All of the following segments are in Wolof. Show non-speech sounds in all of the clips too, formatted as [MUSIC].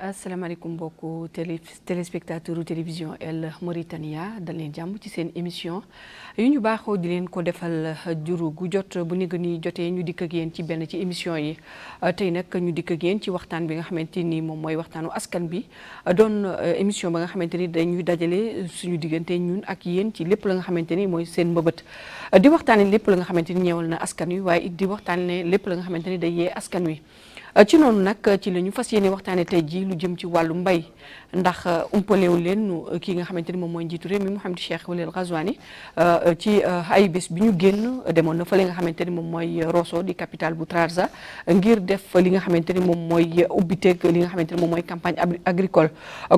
asalaamaaleykum mbokku télé téléspectateur télévision El Mauritania dal leen jàmm ci seen émission yu ñu baaxoo di leen ko defal juru gu jot bu ni nii jotee ñu dikk ak yéen ci benn ci émission yi tey nag ñu dikk ak ci waxtaan bi nga xamante ni moom mooy waxtaanu askan bi doon euh, émission ba nga xamante ni dañuy dajale suñu diggante ñun ak yéen ci lépp la nga xamante ni mooy seen mbëbët di waxtaane lépp la nga xamante ni ñeewal na askan wi waaye it di waxtaane lépp la nga xamante ni day yee askan wi. ci noonu nag ci la ñu fas yéene waxtaane tey jii lu jëm ci wàllu mbay ndax euh, umpalewu leen euh, kii nga xamante ni moom mooy njiitu réew mi Mouhamadou Cheikh Walil Ghazouani euh, ci ay bés bi ñu génn demoon na fa li nga xamante ni moom mooy Rosso di capitale bu Trarza ngir def li nga xamante ni moom mooy ubbiteeg li nga xamante ni moom mooy campagne agricole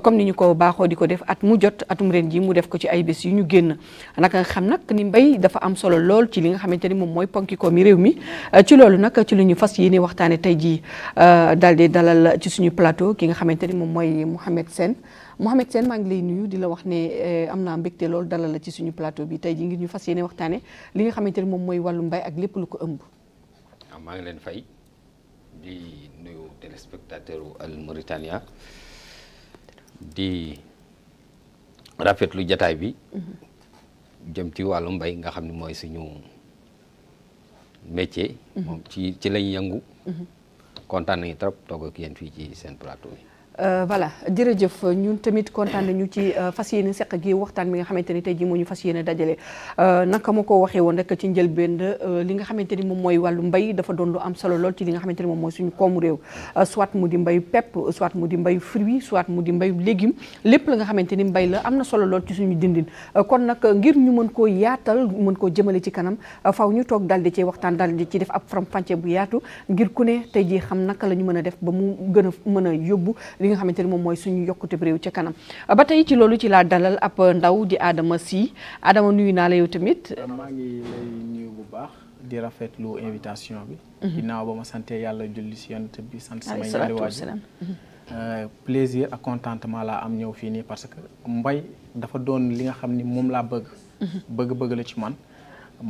comme ni ñu ko baaxoo di ko def at mu jot atum reen ji mu def ko ci ay bés yu ñu génn naka nga xam nag ni mbay dafa am solo lool ci li nga xamante ni moom mooy ponki ko mi réew mi ci loolu nag ci lu ñu fas yi ni waxtaane tey jii daal di dalal ci suñu plateau ki nga xamante ni moom mooy Mouhamed Sène Mohamed Sène maa ngi lay nuyu di la wax ne eh, am naa mbégte loolu dalal la ci suñu plateau bi tey ji ngir ñu fas yéene waxtaane li nga xamante ne moom mooy wàllu mbay ak lépp lu ko ëmb. Ah, maa ngi leen fay di nuyu téléspectateur Al Mauritania di rafetlu jataay bi. Mm-hmm. jëm ci wàllu mbay nga xam ni mooy suñu métier. Mm-hmm. moom ci ci lañ yëngu. Mm-hmm. kontaan nañu trop toog ak yéen fii ci seen plateau bi. Euh, voilà jërëjëf ñun tamit kontaan nañu ci euh, fas yéene seq gi waxtaan bi nga xamante ni tey jii moo ñu fas yéene dajale euh, naka ma ko waxee woon rek ci njëlbéen li nga xamante ni moom mooy wàllu mbay dafa doon am solo lool ci li nga xamante ni moom mooy suñu koomu réew soit mu di mbay pepp soit mu di mbay fruit soit mu di mbay légume lépp la nga xamante ni mbay la am na solo lool ci suñu dindin kon nag ngir ñu mën koo yaatal mën koo jëmale ci kanam faw ñu toog daal di ci waxtaan daal di ci def ab faram-fàcce bu yaatu ngir ku ne tey jii xam naka la ñu mën a def ba mu gën a mën a yóbbu li nga xamante ni moom mooy suñu yokkute réew ca kanam ba tey ci loolu ci laa dalal ab ndaw di Adama Sy Adama nuyu naa la yow tamit. Euh, maa ngi lay bu baax di rafetlu invitation bi. Mhm. ginnaaw ba ma sant yàlla julli si yonent bi sant sama ñaari waajur plaisir ak laa am ñëw fii nii parce que mbay dafa doon li nga xam ni moom laa bëgg. Mhm. bëgg-bëgg la ci man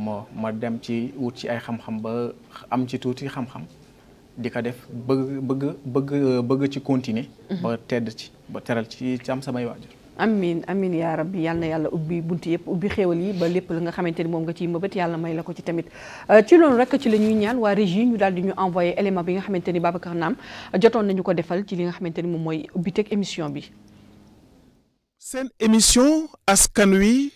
ma ma dem ci wut ci ay xam-xam ba am ci tuuti xam-xam. di ko def bëgg bëgg bëgg bëgg ci continuer. Mhm. ba tedd ci ba teral ci am samay waajur. amin amin yaa rabbi yal na yàlla ubbi bunt yëpp ubbi xéewal yi ba lépp la nga xamante ni moom nga ciy mëbët yàlla may la ko ci tamit euh, ci loolu rek ci la ñuy ñaan waa régie ñu daal di ñu envoyé élément bi nga xamante ni Babacar Naam jotoon nañu ko defal ci li nga xamante ni moom mooy ubbiteg émission bi. seen émission askan wi.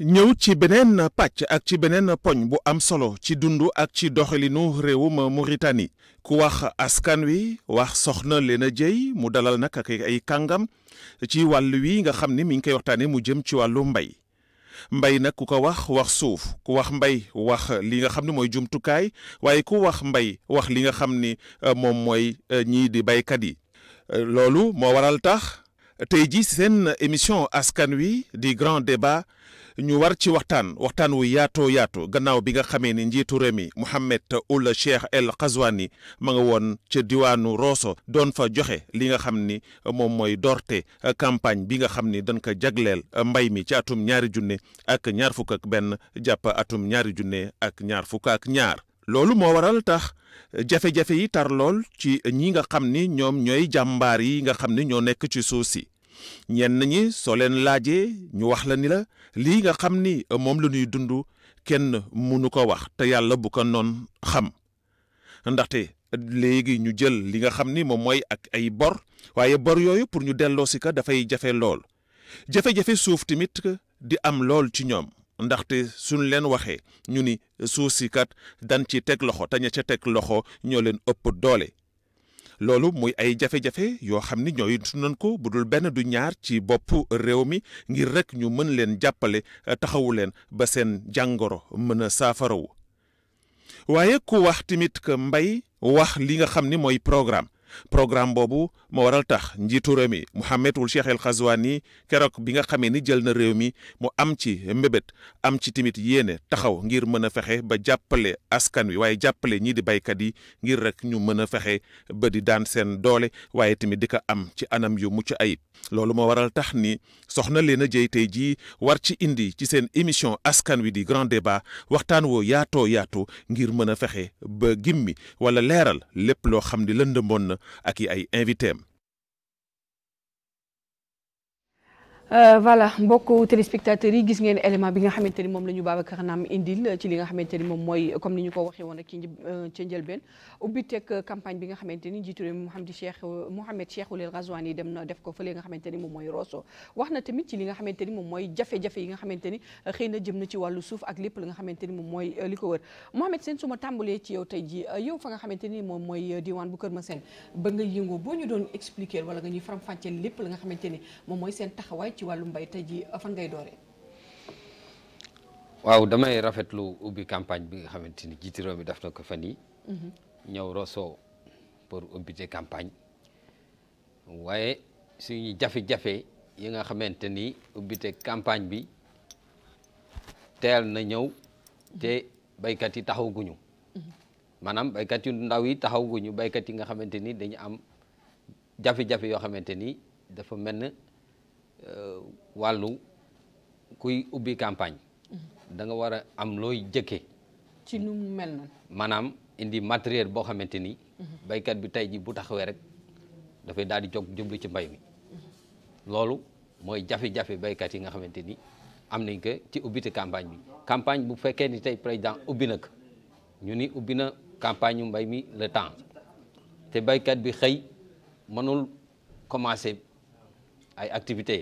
ñëw ci beneen pàcc ak ci beneen poñ bu am solo ci dundu ak ci doxalinu réewum Mauritanie ku wax askan wi wax soxna Léna Dièye mu dalal nag ak ay kàngam ci wàll wi nga xam ni mi ngi koy waxtaanee mu jëm ci wàllu mbay mbay nag ku ko wax wax suuf ku wax mbay wax li nga xam ne mooy jumtukaay waaye ku wax mbay wax li nga xam ni euh, moom mooy euh, ñii di baykat yi euh, loolu moo waral tax tey ji seen émission askan wi di grand débat ñu war ci waxtaan waxtaan wu yaatoo yaatu gannaaw bi nga xamee ni njiitu réew mi Mohamed Ould Cheikh El Ghazouani mu nga woon ca diwaanu Rosso doon fa joxe li nga xam ni moom mooy doorte campagne bi nga xam ni dañ ko jagleel mbay mi ci atum ñaari junne ak ñaar fukk ak benn jàpp atum ñaari junne ak ñaar fukk ak ñaar loolu moo waral tax jafe-jafe yi tar lool ci ñi nga xam ni ñoom ñooy jàmbaar yi nga xam ni ñoo nekk ci suuf si ñenn ñi soo leen laajee ñu wax la ni la lii nga xam ni euh, moom la ñuy dund kenn mënu ko wax te yàlla bu ko noon xam ndaxte léegi ñu jël li nga xam ni moom mooy ak ay bor waaye bor yooyu pour ñu delloo si ka dafay jafe lool jafe-jafe suuf tamit di am lool ci ñoom ndaxte suñ leen waxee ñu ni suuf si kat dañ ci teg loxo te ña ca teg loxo ñoo leen ëpp doole loolu muy ay jafe-jafe yoo xam ni ñooy sunan ko bu dul benn du ñaar ci bopp réew mi ngir rek ñu mën leen jàppale euh, taxawu leen ba seen jàngoro mën a saafarawu waaye ku wax tamit que mbay wax li nga xam ni mooy programme programme boobu moo waral tax njiitu réew mi Mouhamed Ould Cheikh El Ghazouani keroog bi nga xamee ni jël na réew mi mu am ci mbébét am ci tamit yéene taxaw ngir mën a fexe ba jàppale askan wi waaye jàppale ñii di baykat yi ngir rek ñu mën a fexe ba di daan seen doole waaye tamit di ko am ci anam yu mucc ayib loolu moo waral tax ni soxna Leena Dièye tey ji war ci indi ci seen émission askan wi di grand débat waxtaan woo yaatoo yaatu ngir mën a fexe ba gimmi wala leeral lépp loo xam di lëndëmoon na ak i ay invitéem Euh, voilà mbokk téléspectateurs yi gis ngeen élément bi nga xamante ni moom la ñu Babacar Naam indil ci li nga xamante ni moom mooy comme ni ñu ko waxee woon ak ci euh, ca njëlbeen bi nga xamante ni jiitu Mouhamed Cheikh Mouhamed Cheikhul Ghazouani dem na def ko fële nga xamante ni moom mooy Rosso wax tamit ci li nga xamante ni moom mooy jafe-jafe yi nga xamante ni xëy na jëm na ci wàllu suuf ak lépp li nga xamante ni moom mooy euh, li ko wër Mouhamed Sène su ma ci yow tey ji yow fa nga xamante ni moom mooy diwaan bu Kër Masène ba nga yëngoo boo ñu doon expliquer wala nga ñuy faram lépp li nga xamante ni moom mooy seen taxawaay ci wàllu mbay tey jii ngay dooree. waaw damay rafetlu ubbi campagne bi nga xamante ni jiitu réew mi def na ko fan yi mhm. ñëw Rosso pour ubbite campagne waaye suñu jafe-jafe yi nga xamante ni ubbite campagne bi teel na ñëw te baykat yi taxawaguñu. Mhm. maanaam baykat yu ndaw yi taxawaguñu baykat yi nga xamante ni dañu am jafe-jafe yoo xamante ni dafa mel ne Euh, wàllu kuy ubbi campagne. da nga war a am looy jëkkee. ci nu mu mel noonu. maanaam indi matériel boo xamante ni. béykat bi tey ji bu taxawee rek dafay daal di jóg jublu ci mbay mi. loolu mooy jafe-jafe béykat yi nga xamante ni am nañ ko ci ubbite campagne bi campagne bu fekkee ni tey président ubbi nag ñu ni ubbi na campagne yu mbay mi le temps te béykat bi xëy mënul commencer. ay activités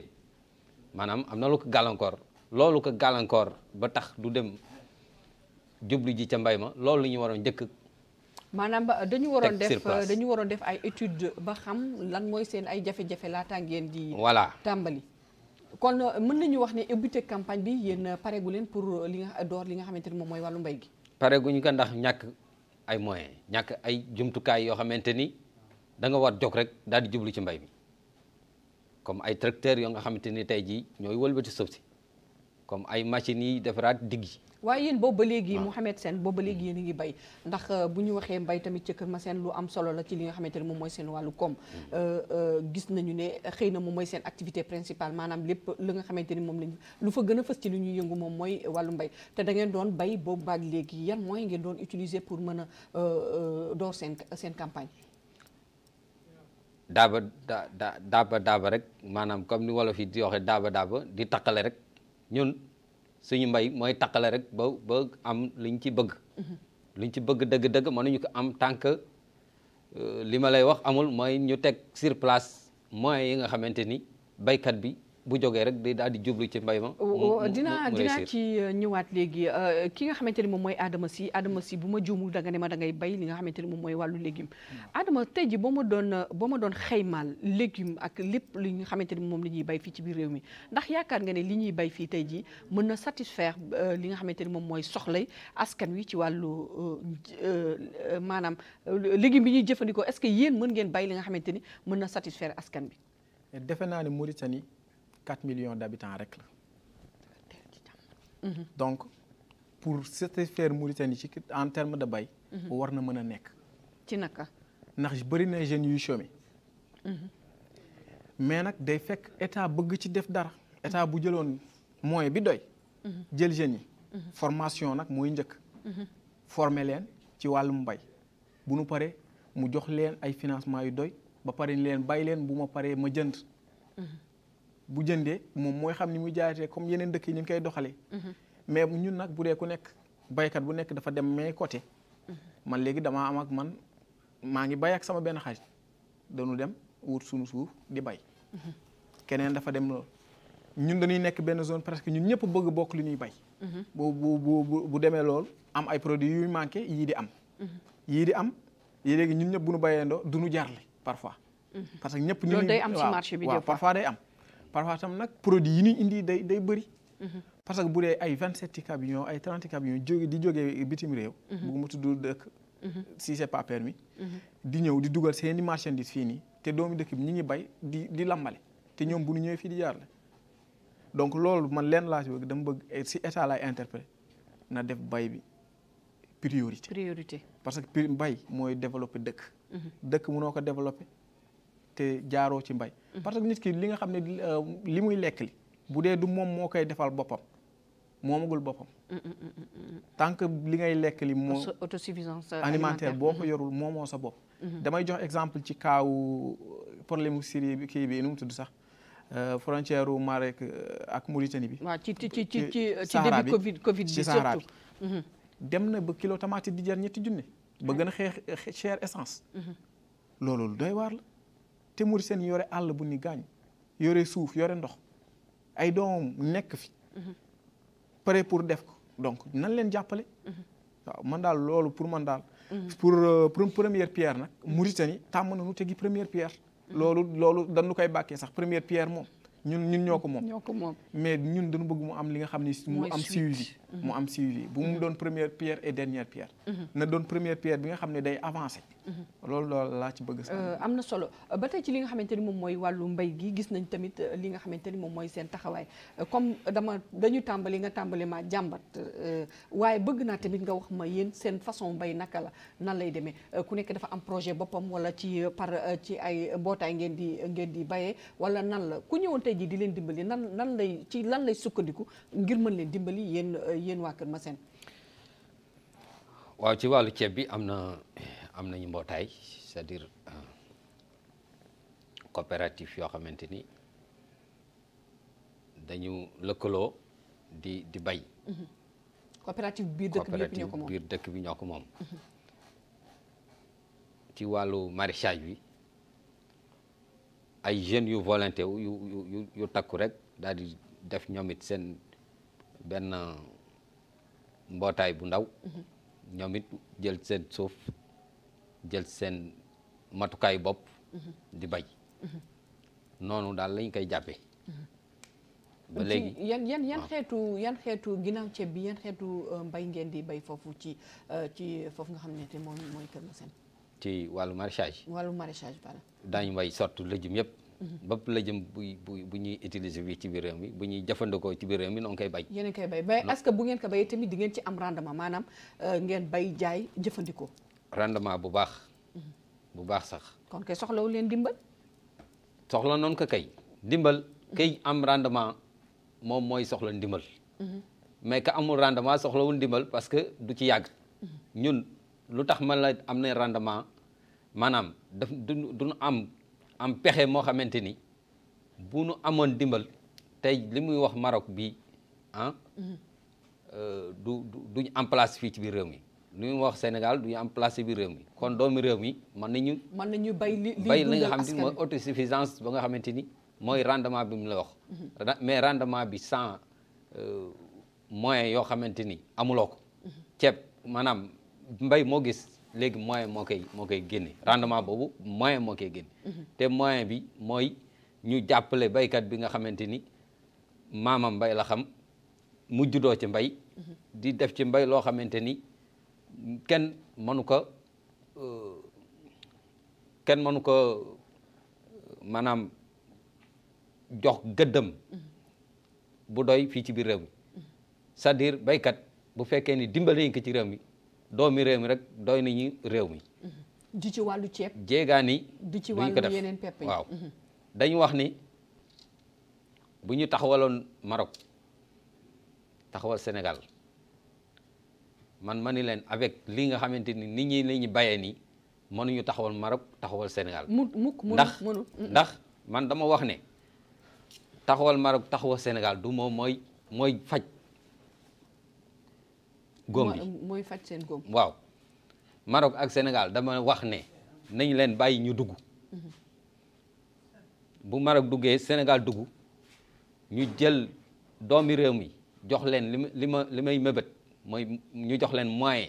maanaam am na lu ko gàllankoor loolu ko gàllankoor ba tax du dem jublu ji ca mbay ma loolu la ñu waroon njëkk. maanaam dañu waroon def dañu waroon def ay étude ba xam lan mooy seen ay jafe-jafe laata ngeen di. tàmbali. kon euh, mën nañu wax ne ubbite campagne bi yéen euh, paregu leen pour euh, li nga door li nga xamante ni moom mooy wallu mbay gi. ñu ko ndax ñàkk ay moyen ñàkk ay jumtukaay yoo xamante ni da nga war jóg rek daal di jublu ci mbay mi. comme ay tracteurs yoo nga xamante ni tey jii ñooy wëlbati suuf si comme ay machines yi defaraat digg yi waaye yéen boobu ba léegi ah. Mouhamed seen boobu ba léegi mm-hmm. yéen a ngi bay ndax euh, bu ñu waxee mbay tamit ci Kër Masène lu am solo la ci li nga xamante ne moom mooy seen wàllu koom mm-hmm. euh, euh, gis nañu ne xëy na moom mooy seen activité principal maanaam lépp li nga xamante ni moom lañ lu fa gën a fës ci lu ñuy yëngu moom mooy wàllu mbay te dangeen doon bay boobu baag léegi yan mooy ngeen doon utiliser pour mën a door seen seen campagne daaba da daaba daaba rek maanaam comme ni wolof fi di waxee daaba daaba di taqale rek ñun suñu mbay mooy taqale rek ba ba am liñ ci bëgg mm-hmm. luñ ci bëgg dëgg-dëgg mënuñu ko am tant que euh, li ma lay wax amul mooy ñu teg sur place moyens yi nga xamante ni baykat bi bu jógee rek day daal di jublu ci mbay ma. dinaa dinaa ci euh, ñëwaat léegi euh, ki nga xamante ni moom mooy Adama si Adama si bu ma juumul danga ne ma dangay bay li nga xamante ni moom mooy wàllu légume. Hmm. Adama tey ji boo ma doon euh, boo ma doon xaymaal légume ak lépp li nga xamante ni moom la ñuy bay fii ci biir réew mi ndax yaakaar nga ne li ñuy bay fii tey ji mën na satisfaire li nga xamante ni moom mooy soxlay askan wi ci wàllu maanaam légume bi ñuy jëfandikoo est-ce que yéen mën ngeen bay li nga xamante ni mën na satisfaire askan bi. defe naa ne Mauritanie 4 millions d'habitants rek la mhm. donc pour satisfaire Mauritanie ci en terme de bay mhm. war na mën a nekk ci naka ndax bëri na yuy chômé mhm. mais nag day fekk état bëgg ci def dara état bu jëloon moyen bi doy jël jeunes yi formation nag mooy njëkk former leen ci wàllum mbay bu nu paree mu jox leen ay financement yu doy ba pare leen bàyyi leen bu ma paree ma jënd bu jëndee moom mooy xam ni muy jaayatee comme yeneen dëkk yi ñu ngi koy doxalee. Mhm. mais ñun nag bu dee ku nekk baykat bu nekk dafa dem mais côté. Mhm. man léegi damaa am ak man maa ngi bay ak sama benn xarit dañu dem wut suñu suuf di bay. Mhm. keneen dafa dem loolu ñun dañuy nekk benn zone presque ñun ñëpp bëgg bokk li ñuy bay. bu bu bu bu demee am ay produits yuy manqué yii di am. yii di am yii léegi ñun ñëpp bu ñu bayandoo du ñu jaarle parfois. parce que ñëpp ñu day am ci marché bi parfois day am. parfois tam nag produit yi ñuy indi day day bëri. Mhm. parce que bu dee ay vingt sept camions ay trente camions jóge di joge bitim réew. Mhm. bu mu tudd dëkk. Mhm. si c'est pas di ñëw di dugal seen i marchandises fii nii te doomu dëkk bi ñu ngi bay di di lambale te ñoom bu ñu ñëwee fii di jaar la donc loolu man leen laa si bëgg dama bëgg si état laay na def bay bi priorité. priorité parce que bay mooy développer dëkk. dëkk mënoo ko développer. te jaaroo ci mbay. Mm-hmm. parce que nit ki li nga xam ne euh, li muy lekk li bu dee du moom moo koy defal boppam moomagul boppam. Mm-hmm. tant que li ngay lekk li moo. autosuffisance alimentaire boo ko mm-hmm. yorul moomoo sa bopp. damay jox exemple ci kaaw euh, problème mu Syrie bi kii bi nu mu tudd sax euh, frontière u Maroc ak Mauritanie bi. waaw ci ci ci ci ci début Covid Covid bi dem na ba kilo tomate di jar ñetti junne. ba gën a xeex essence. loolu doy waar la. te seen yore àll bu ni gaañ yore suuf yore ndox ay doomam nekk fi. Mhm. pare pour def ko donc nan leen jàppale. Mhm. waaw man daal loolu pour man daal. Mhm. pour euh, pour première pierre nag Mauritanie tàmm na nu tegi première pierre. loolu loolu dañu koy bàkkee sax première pierre moom ñun ñun ñoo ko moom. ñoo mais ñun dañu bëgg mu am li nga xam ni. mu am suivi. mu am suivi bu mu doon première pierre et dernière pierre. Mm-hmm. na doon première pierre bi nga xam ne day avancé. Mm-hmm. loolu laa ci bëgg sax. Euh, am na solo ba tey ci li nga xamante ni moom mooy wàllu mbay gi gis nañ tamit euh, li nga xamante ni moom mooy seen taxawaay euh, comme dama dañu tàmbali nga tàmbali maa jàmbat waaye bëgg naa tamit nga wax ma yéen seen façon mbay naka la nan lay demee ku nekk dafa am projet boppam wala ci par ci ay mbootaay ngeen di ngeen di bayee wala nan la ku ñëwoon tey jii di leen dimbali nan nan lay ci lan lay sukkandiku yéen waa Kër Massène waaw ci wàllu ceeb bi am na am nañu mbootaay c'est-à-dire euh, coopérative yoo xamante ni dañu lëkkaloo di di bay. Mhm. coopérative biir dëkk bi ñoo moom biir dëkk bi ñoo moom. Mhm. ci wàllu maraîchage bi ay jeunes yu volonté yu yu yu takku rek daal di def ñoom it seen benn. mbootaay bu ndaw ñoom it jël seen suuf jël seen matukaay bopp di bay noonu daal lañ koy jàppee ba léegi yan yan yan xeetu yan xeetu ginnaaw ceeb bi yan xeetu euh, mbay ngeen di bay foofu ci euh, ci foofu nga xam ne te moom mooy Kër Massène ci wàllu maraîchage wàllu maraîchage bala daañu way sortu lëjum yëpp bépp lëjëm bu bu bu ñuy utiliser fii ci biir réew mi bu ñuy jëfandikoo ci biir réew mi noonu koy bay yéen a koy bay bay est-ce bu ngeen ko bayee tamit di ngeen ci am rendement maanaam euh, bu baax bu baax sax kon kay soxlawu leen dimbal soxla noonu ko kay dimbal kay am rendement moom mooy soxla ndimbal mm-hmm. mais que amul rendement soxlawul ndimbal parce que du ci yàgg mm-hmm. ñun lu tax ma la am rendement maanaam am am pexe moo xamante ni bu nu amoon dimbal tey li muy wax marok bi ah. Mm-hmm. du du duñ am place fii ci biir réew mi. lu ñu wax Sénégal du am place bi réew mi kon doomi réew mi mën nañu. mën nañu bay li bay li nga xam ne mooy autosuffisance ba nga xamante ni mooy mm-hmm. rendement bi mu la wax. Mm-hmm. mais rendement bi sans euh, moyen yoo xamante ni amuloo ko. ceeb maanaam mbay moo gis léegi moyen moo koy moo koy génne rendement boobu moyen moo koy génne mhm. te moyen bi mooy ñu jàppale baykat bi nga xamante ni maamam mbay la xam mu juddoo ci mbay mhm. di def ci mbay loo xamante ni kenn mënu ko euh, kenn mënu ko euh, maanaam jox gëddëm mhm. bu doy fii ci biir réew mi cest baykat bu fekkee ni dimbali ko ci réew mi doomi réew mi rek doy nañu réew mi. Mm-hmm. du ci wàllu ceeb. jéegaani. du ci wàllu yeneen pepp yi waaw mm-hmm. wax ni bu ñu taxawaloon Maroc taxawal Sénégal man ma ni leen avec li nga xamante ni nit ñi la ñu bayee nii mënuñu taxawal Maroc taxawal Sénégal. mu mukk ndax ndax man dama wax ne taxawal Maroc taxawal Sénégal du moom mooy mooy faj. góom bi mooy faj seen góom waaw Maroc ak Sénégal dama wax ne nañ leen bàyyi ñu dugg mhm. bu Maroc duggee Sénégal dugg ñu jël doomi réew mi jox leen li li ma li may mébét mooy ñu jox leen moyen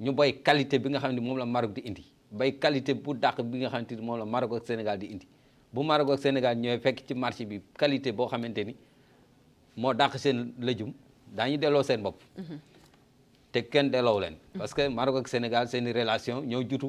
ñu bay qualité bi nga xam ne moom la Maroc di indi bay qualité bu dàq bi nga xamante ni moom la Maroc ak Sénégal di indi bu Maroc ak Sénégal ñooy fekk ci marché bi qualité boo xamante ni moo dàq seen lëjum daañu delloo seen bopp mhm. te kenn delloo leen. parce que Maroc ak Sénégal seeni relation ñoo jutu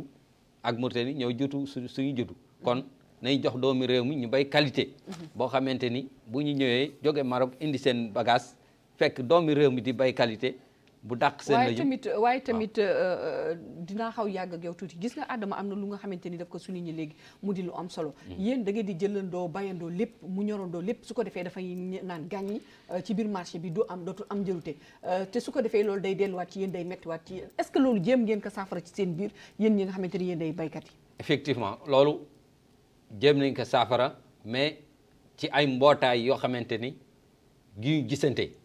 ak Mauritanie ñoo jutu su suñu jutu. kon nañ jox doomi réew mi ñu bay qualité. boo xamante ni bu ñu ñëwee jóge Maroc indi seen bagage fekk doomi réew mi di bay qualité. bu dàq seen waaye tamit ah. waaye tamit euh, euh, dinaa xaw yàgg ak yow tuuti gis nga Adama am na lu nga xamante ni daf ko souligné léegi mu di lu am solo. Hmm. yéen da ngeen di jëlandoo bayandoo lépp mu ñorandoo lépp su ko defee dafay naan gàññi euh, ci biir marché bi du am dootul am njërute te su ko defee loolu day delluwaat ci yéen day mettiwaat ci yéen ce que loolu jéem ngeen ko saafara ci seen biir yéen ñi nga xamante ni yéen day baykat yi. effectivement loolu jëm nañ ko saafara mais ci ay mbootaay yoo xamante ni gi gisante.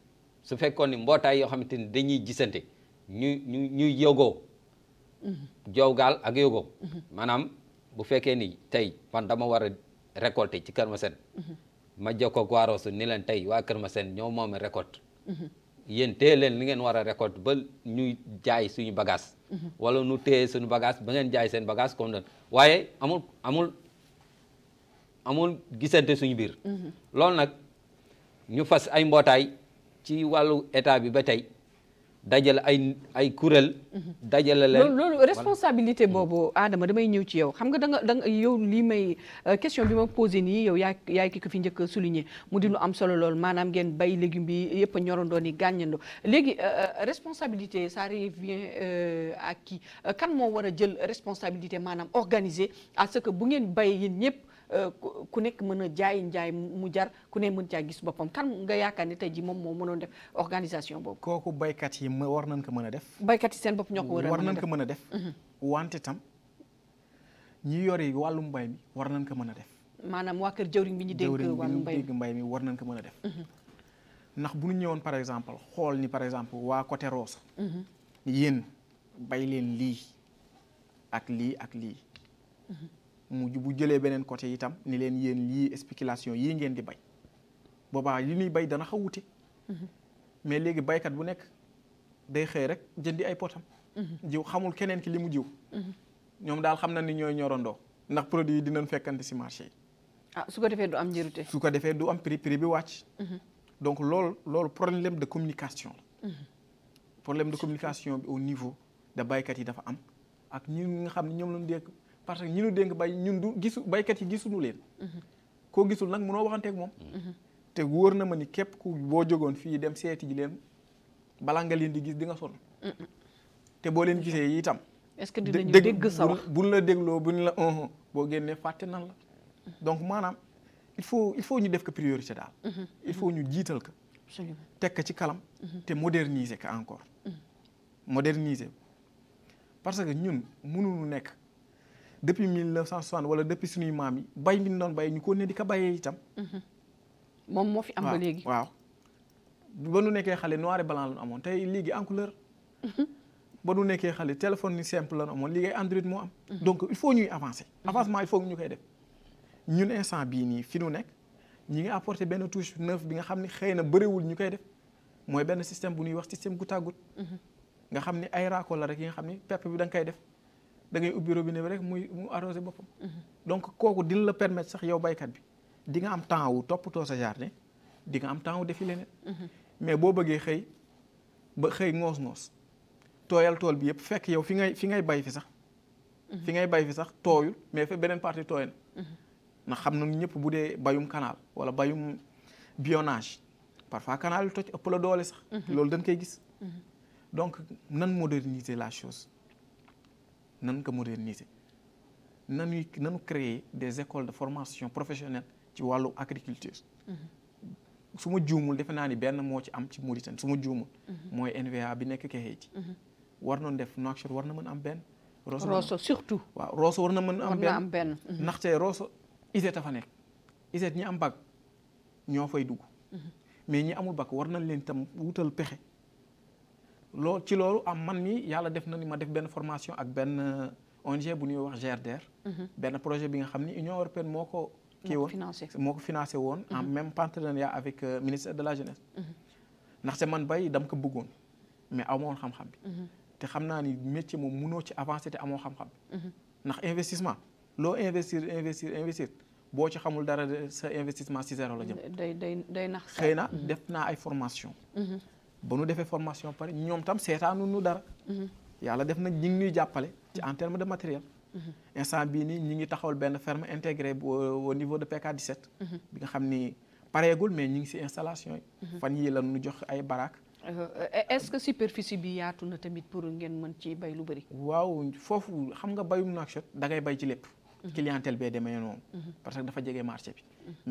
su fekkoon ni mbootaay yoo xamante ni dañuy gisante ñu ñu ñuy yogoo jow ak yogoo maanaam bu fekkee ni tey man dama war a récolter ci Kër Maseen ma jokkoog waa Rosso ni leen tey waa Kër Maseen ñoo moom récolte yéen téye leen ni ngeen war a récolte ba ñuy jaay suñu bagage wala nu téye suñu bagage ba ngeen jaay seen bagage comme doon waaye amul amul amul gisante suñu biir loolu nag ñu fas ay mbootaay ci wàllu état bi ba tey dajale ay ay kuréel. Mhm. dajale leen loolu responsabilité mhm. boobu Adama damay ñëw ci yow xam nga da nga da yow lii may euh, question bi ma posé nii yow yaa yaay ki fi njëkk a souligné mu di lu am solo lool maanaam ngeen bay légume bi yëpp a ñorandoo ni gàññandoo léegi euh, euh, responsabilité ça revient ak qui kan moo war a jël responsabilité maanaam organiser à ce que bu ngeen bay yéen ñëpp. Euh, ku nekk mën a jaay njaay mu jar ku ne mën caa gis boppam kan nga yaakaar ne tey ji moom moo mënoon def organisation boobu kooku baykat yi war nañ ko mën a def baykat yi seen bopp ñoo ko war nañ ko mën a def mhm. wante tam ñi yori wàllum mbay mi war nañ ko mën a def maanaam waa kër jëwriñ bi ñu dénk wàllum mbay dégg mbay mi war nañ ko mën a def mhm. ndax bu ñu ñëwoon par exemple xool ni par exemple waa côté Rosso mhm. yéen bay leen lii ak lii ak lii mu bu jëlee beneen côté itam ni leen yéen lii spéculation yii ngeen di bay boobaa li ñuy bay dana xaw wute mhm. mais léegi baykat bu nekk day xëy rek jëndi ay potam mhm. jiw xamul keneen ki li mu jiw mhm. ñoom daal xam na ni ñooy ñorandoo ndax produit yi dina dinañ fekkante si marché yi ah, su ko defee du am njërute su ko defee du am prix prix bi wàcc donc loolu loolu problème de communication la problème de communication bi au niveau de baykat yi dafa am ak ñi nga xam ne ñoom lañu dégg parce que ñu dénk bay ñun du gisu baykat yi gisuñu leen. koo gisul nag mënoo waxanteeg moom. te wóor na ma ni képp ku boo jógoon fii dem seeti leen balaa nga leen di gis di nga sonn. te boo leen gisee itam. est-ce que dinañu dégg sa wax buñ la dégloo buñ la uh-huh, boo génnee fàtte nan donc maanaam il faut il faut ñu def ko priorité daal. Mm-hmm. il faut ñu jiital ko. teg ko ci kalam. Mm-hmm. te moderniser ko encore. Mm-hmm. moderniser parce que ñun mënuñu nekk. depuis cent 1960 wala depuis suñuy maam yi bay mi doon bay ñu ko ne di ko bayee itam. Mhm. moom moo fi am ba léegi waaw ba nu nekkee xale noir et la ñu amoon tey léegi en couleur. Mhm. ba nu nekkee xale téléphone yi simple la ñu amoon léegi Android moo am. Mhm. donc il faut ñuy avancer. avancement il faut ñu koy def ñun instant bii nii fi nu nekk ñi ngi apporter benn touche neuf bi nga xam ni xëy na bëriwul ñu koy def mooy benn système bu ñuy wax système goutte à goutte. nga xam ne ay raako la rek yi nga xam ne pepp bi da koy def. da ngay ubbi robinet bi rek muy mu arrosé boppam. Mhm. donc kooku dina la permettre sax yow baykat bi di nga am temps wu toppatoo sa jardin di nga am temps wu defi leneen. Mhm. mais boo bëggee xëy ba xëy ngoos-ngoos tooyal tool bi yëpp fekk yow fi ngay fi ngay bay fi sax. Mhm. fi ngay bay fi sax tooyul mais fa beneen partie tooy na. xam nañu ñëpp bu dee bayum kanaal wala bayum bionnage parfois canal yu toj ëpp la doole sax. loolu dan koy gis. donc nan moderniser la chose. nan ko moderniser nanuy nanu créer des écoles de formation professionnelle ci wàllu agriculture mhm. su ma juumul defe naa ni benn moo ci am ci Mauritanie su ma juumul mhm. mooy NVA bi nekk Kéhéti mhm. war noonu def Nouakchott war na mën am benn Rosso surtout waaw Rosso war na mën am benn ndaxte Rosso ISET a fa nekk ISET ñi am bac ñoo fay dugg mais ñi amul bac war nañ leen tam wutal pexe loolu ci loolu am man mi yàlla def na ni ma def benn formation ak benn euh, ONG bu nuy wax GRDR. Mhm. benn projet bi nga xam ni Union européenne moo ko. kii woon moo ko financé woon. en mhm. même partenariat avec euh, ministère de la jeunesse. Mhm. ndax se man bay dam ko bëggoon mais amoo woon xam-xam bi. te xam naa ni métier moom mënoo ci avancé te amoo xam-xam. ndax investissement loo investir investir investir boo ci xamul dara sa investissement si zéro la jëm. day day day nax xëy na def naa ay formation ba nu defee formation pare ñoom tam seetaanu nu dara. Mhm. yàlla def na ñu ngi ñuy jàppale. ci en de matériel. Mhm. instant bii nii ñu ngi taxawal benn ferme intégrée au niveau de PK 17. Mhm. bi nga xam ni pareegul mais ñu ngi si installation yi. fan yii la nu jox ay baraak. Euh, euh, est-ce que superficie bi yaatu na tamit pour ngeen mën ci bay lu bëri. waaw foofu xam nga bayum Nouakchott da bay ci lépp. clientèle bee demee noonu. parce que dafa jege marché bi.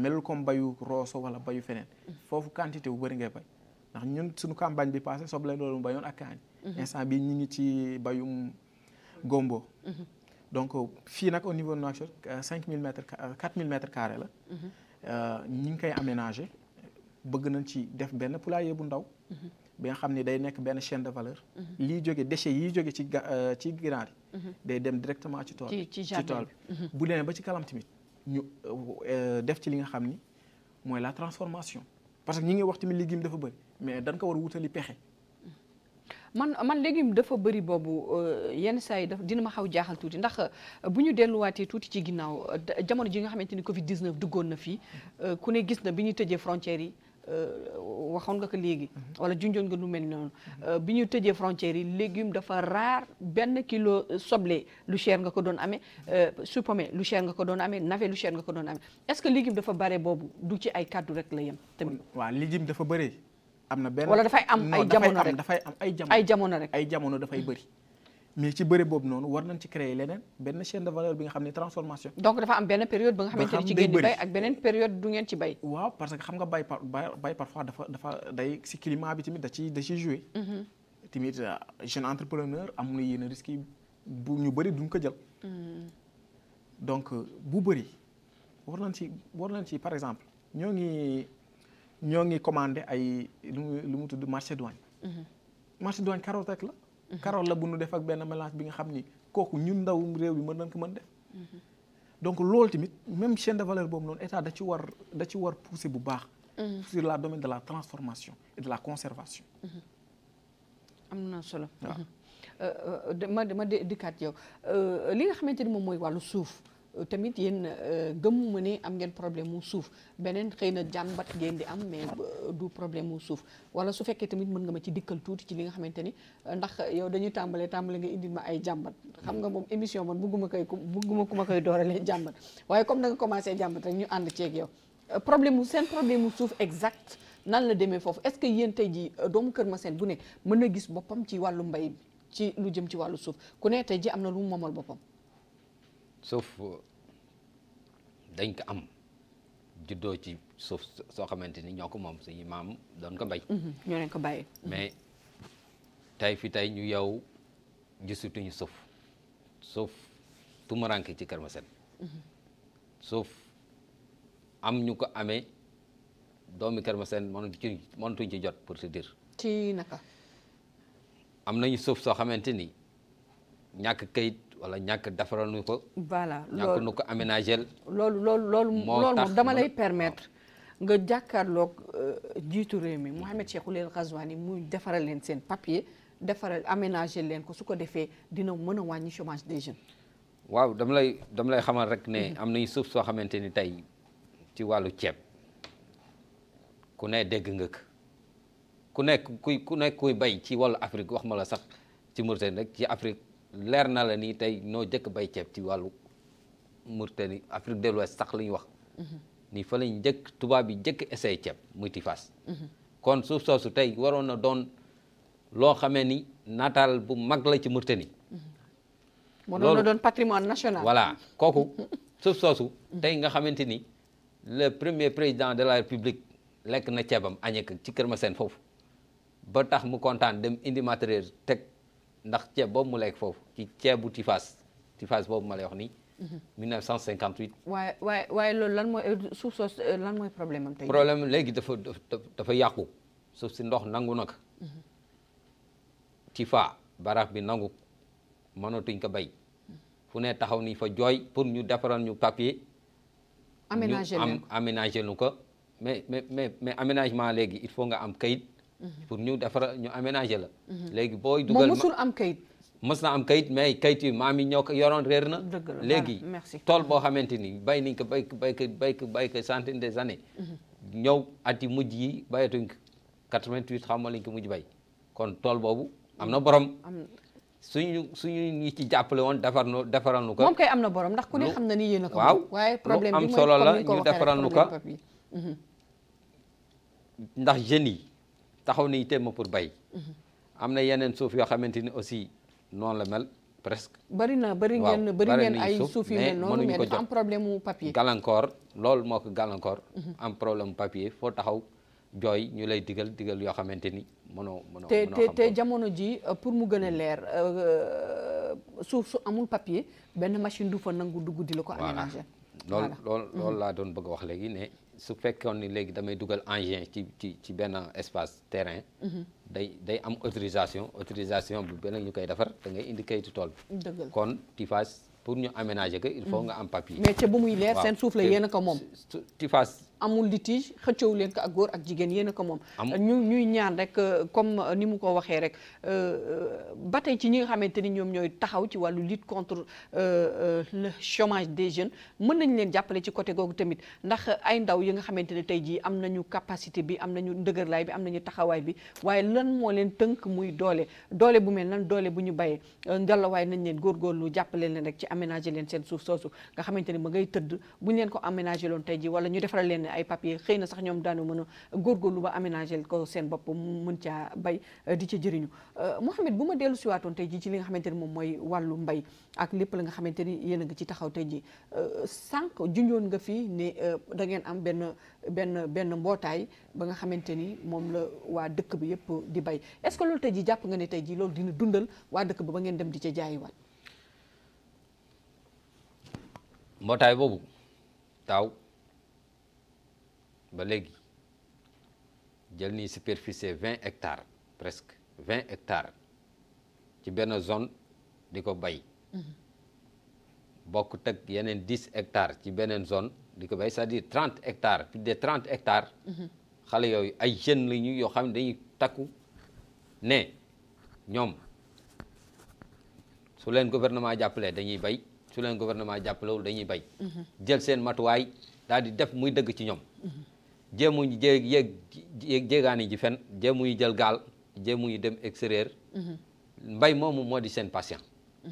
melul comme bayu Rosso wala bayu feneen. foofu quantité bu bëri ngay bay. ndax ñun suñu campagne bi passé soble loolu bayoon ak kaani mhm. instant bi ñu ngi ci bayum gombo mhm. donc fii nag au niveau de Nouakchott euh, cinq mille mètres euh, quatre mille mètres carrés la mhm. euh, ñi ngi koy aménager bëgg nañ ci def benn poulailler bu ndaw bi nga xam ne day nekk benn chaîne de valeur lii jóge déchets yiy jóge ci ci yi day dem directement ci tool ci tool bi bu demee ba ci kalam tamit ñu def ci li nga xam ni mooy la transformation parce que ñi ngi wax tamit légume dafa bëri mais dañ ko war wutali pexe. man man légume dafa bëri boobu euh, yenn saa yi daf dina ma xaw jaaxal tuuti ndax euh, bu ñu delluwaatee tuuti ci ginnaaw euh, jamono ji nga xamante ni Covid 19 duggoon na fii mm-hmm. ku ne gis na bi ñu tëjee frontières yi. Euh, waxoon nga ko léegi. Mhm. wala junjoon nga nu mel noonu. Euh, bi ñu tëjee frontières yi légume dafa raar benn kilo soble lu cher nga ko doon amee euh, supame lu cher nga ko doon amee navet lu cher nga ko doon amee est-ce que légume dafa bare boobu du ci ay kàddu rek la yem tamit. waaw légume dafa bëri. am na benn wala dafay am ay jamono rek dafay am ay jamono ay jamono rek ay jamono dafay bëri. mais ci bëre boobu noonu war nañ ci créer leneen benn chaîne de valeur bi nga xam ne transformation. donc dafa am benn période ba nga xamante ni ci ngeen di bay bay. par bay parfois dafa dafa bi tamit da ciy da ciy joué. Mm-hmm. tamit euh, jeune entrepreneur am na yenn risques ñu bëri duñ ko jël. Mm-hmm. donc euh, bu bëri war nañ ci war nañ ci par exemple ñoo ngi ñoo ngi commandé ay lu mu tudd marché douane. Mm-hmm. marché douane carotte la. karool la bu nu def ak benn mélange bi nga xam ni kooku ñun ndaw réew yi mën nañ ko mën def. donc loolu tamit même chaîne de valeur boobu noonu état da ci war da ci war pousser bu baax. Mm-hmm. sur la domaine de la transformation et de la conservation. Mm-hmm. am na solo. Mm-hmm. Euh, euh, ma ma dikkaat yow euh, li nga xamante ni moom mooy wàllu suuf. tamit yéen euh, gëmuma ni am ngeen problème mu suuf beneen xëy na jàmbat ngeen di am mais euh, du problème mu suuf wala su fekkee tamit mën nga ma ci dikkal tuuti ci li nga xamante ni euh, ndax yow dañu tàmbalee tàmbale nga indi ma ay jàmbat xam nga moom émission man bëgguma koy bëgguma ku ma koy dooralee jàmbat waaye comme na nga commencé jàmbat rek ñu ànd ceeg yow problème mu seen problème mu suuf exact nan la demee foofu est-ce que yéen tey jii doomu Kër Maseen bu ne mën na gis boppam ci wàllu mbay ci jëm ci wàllu suuf ku ne tey ji am na lu mu boppam suuf dañ ko am juddoo ci suuf soo xamante ni ñoo ko moom suñu maam doon ko bay mm-hmm. ñoo leen ko bàyyi mm-hmm. mais tey fi tey ñu yow gisutuñu suuf suuf tumuranke ci Kër mm-hmm. suuf am ñu ko amee doomi Kër Maseen mënut ci jot pour se dire ci naka am nañu suuf soo xamante ni ñàkk kayit wala ñàkk defaral nu ko. voilà loolu nu ko aménagel. loolu loolu loolu loolu moom dama lay permettre. nga jàkkaarloog euh, jiitu réew mi Mouhamed Cheikhoul Ghazouani muy defaral leen seen papier defaral aménager leen ko su ko defee dina mën a wàññi chômage des jeunes. waaw dama lay dama lay xamal rek ne mhm. am nañu suuf soo xamante ni tey ci wàllu ceeb ku ne dégg nga ku nekk kuy ku nekk kuy bay ci wàllu Afrique wax ma la sax ci Mauritanie rek ci Afrique. leer na la ni tey noo jëkk bay ceeb ci wàllu Mauritanie Afrique de l'Ouest sax la ñu wax mhm. ni fa lañ njëkk tubaab yi njëkk essayé ceeb muy Tifaas mhm. kon suuf soosu tey waroon na doon loo xamee ni nataal bu mag la ci Mauritanie moo mhm. doon doon patrimoine national voilà kooku [LAUGHS] suuf soosu tey nga xamante ni le premier président de la république lekk na ceebam añek ci Kër Maseen foofu ba tax mu kontaan dem indi matériel teg ndax ceeb boobu mu lekk foofu ci ceebu Tifaas Tifaas boobu ma lay wax nii. 1958. Mhm. waaye waaye waaye loolu lan mooy suuf soosu euh, lan mooy problème am tey. problème léegi dafa dafa yàqu suuf si ndox nangu na ko. Mhm. Tifa barax bi nangu mënatuñ ko bay fu ne taxaw nii fa jooy pour ñu defaral ñu papier. aménager am aménager lu ko mais mais mais mais aménagement léegi il faut nga am kayit. Mm-hmm. pour ñu defar ñu aménager la. Mm-hmm. léegi boo dugal moom mosul am kayit. mës na am yi maam yi ñoo ko yoroon réer na. léegi tool boo xamante ni bay nañ ko bay bay bay bay ko centaine des années. Mm-hmm. ñëw at yi mujj yi bayatuñ ko 88 xam nga lañ ko mujj bay kon tool boobu am na borom. suñu suñu ñi ci jàppale woon defar nu defaral nu ko. moom kay am na borom ndax ku ne xam na ni yéen a ko. waaw waaye problème bi mooy comme ko waxee la ñu defaral nu ndax jeunes yi. taxaw ni ma pour bay am na yeneen suuf yoo xamante ni aussi noonu la mel presque. bari na bari ngeen bari ngeen ay suuf yu mel noonu ñu dafa am problème mu papier. gàllankoor loolu moo ko gàllankoor. Mhm. am problème mu papier foo taxaw jooy ñu lay digal digal yoo xamante ni mënoo mënoo. te te te jamono ji euh, pour mu gën a leer euh, suuf su amul papier benn machine du fa nangu dugg di la ko. aménager voilà mhm. laa doon bëgg wax léegi ne. su fekkoon ni léegi damay dugal engin ci ci ci benn espace terrain. Mhm. day day am autorisation autorisation bi benn ñu koy defar da ngay indi kayitu tool bi. kon Tifas pour ñu aménager ko il faut mhm. nga am papier. mais ca bu muy leer seen suuf la yéen a moom moom. Tifas amul litige xëccoow leen ko ak góor ak jigéen yéen a ko moom ñu ñuy ñaan rek euh, comme euh, ni mu ko waxee rek euh, ba tey ci ñi nga xamante ni ñoom ñooy taxaw ci wàllu lutte contre le chômage des jeunes mën nañ leen jàppale ci côté googu tamit ndax ay ndaw yi nga xamante ne tey jii am nañu capacité bi am nañu ndëgërlaay bi am nañu taxawaay bi waaye lan moo leen tënk muy doole doole bu mel nan doole bu ñu bayee ngalawaay nañ leen góorgóorlu jàppale leen rek ci aménager leen seen suuf soosu nga xamante ni ba ngay tëdd bu ñu leen ko aménager loon tey jii wala ñu defaral ay papier xëy na sax ñoom daanu mën a góorgóorlu ba aménager ko seen bopp mën caa bay euh, di ca jëriñu euh, Mouhamed bu ma dellu siwaatoon tey ji ci li nga xamante ni moom mooy wàllu mbay ak lépp la nga xamante ni yéen a nga ci taxaw tey ji euh, sànq junjoon nga fii ne da ngeen am benn benn benn mbootaay ba nga xamante ni moom la waa dëkk bi yëpp di bay est-ce loolu tey ji jàpp nga ne tey ji loolu dina dundal waa dëkk bi ba ngeen dem di ca jaayiwaat mbootaay boobu taaw ba léegi jël ni superficie vingt hectares presque vingt hectares ci benn zone di ko bay mhm. bokk teg yeneen dix hectares ci beneen zone di ko bay sa à dire trente hectares de trente hectares mhm. xale yooyu ay jeunes la ñu yoo xam ne dañuy takku ne ñoom su leen gouvernement jàppalee dañuy bay su leen gouvernement jàppalewul dañuy bay mhm. jël seen matuwaay daal di def muy dëgg ci ñoom jéemuñu jé yéeg jéegaani ji fen jéemuñu jël gaal jéemuñu dem extérieur mhm. mbay moomu moo di seen patient mhm.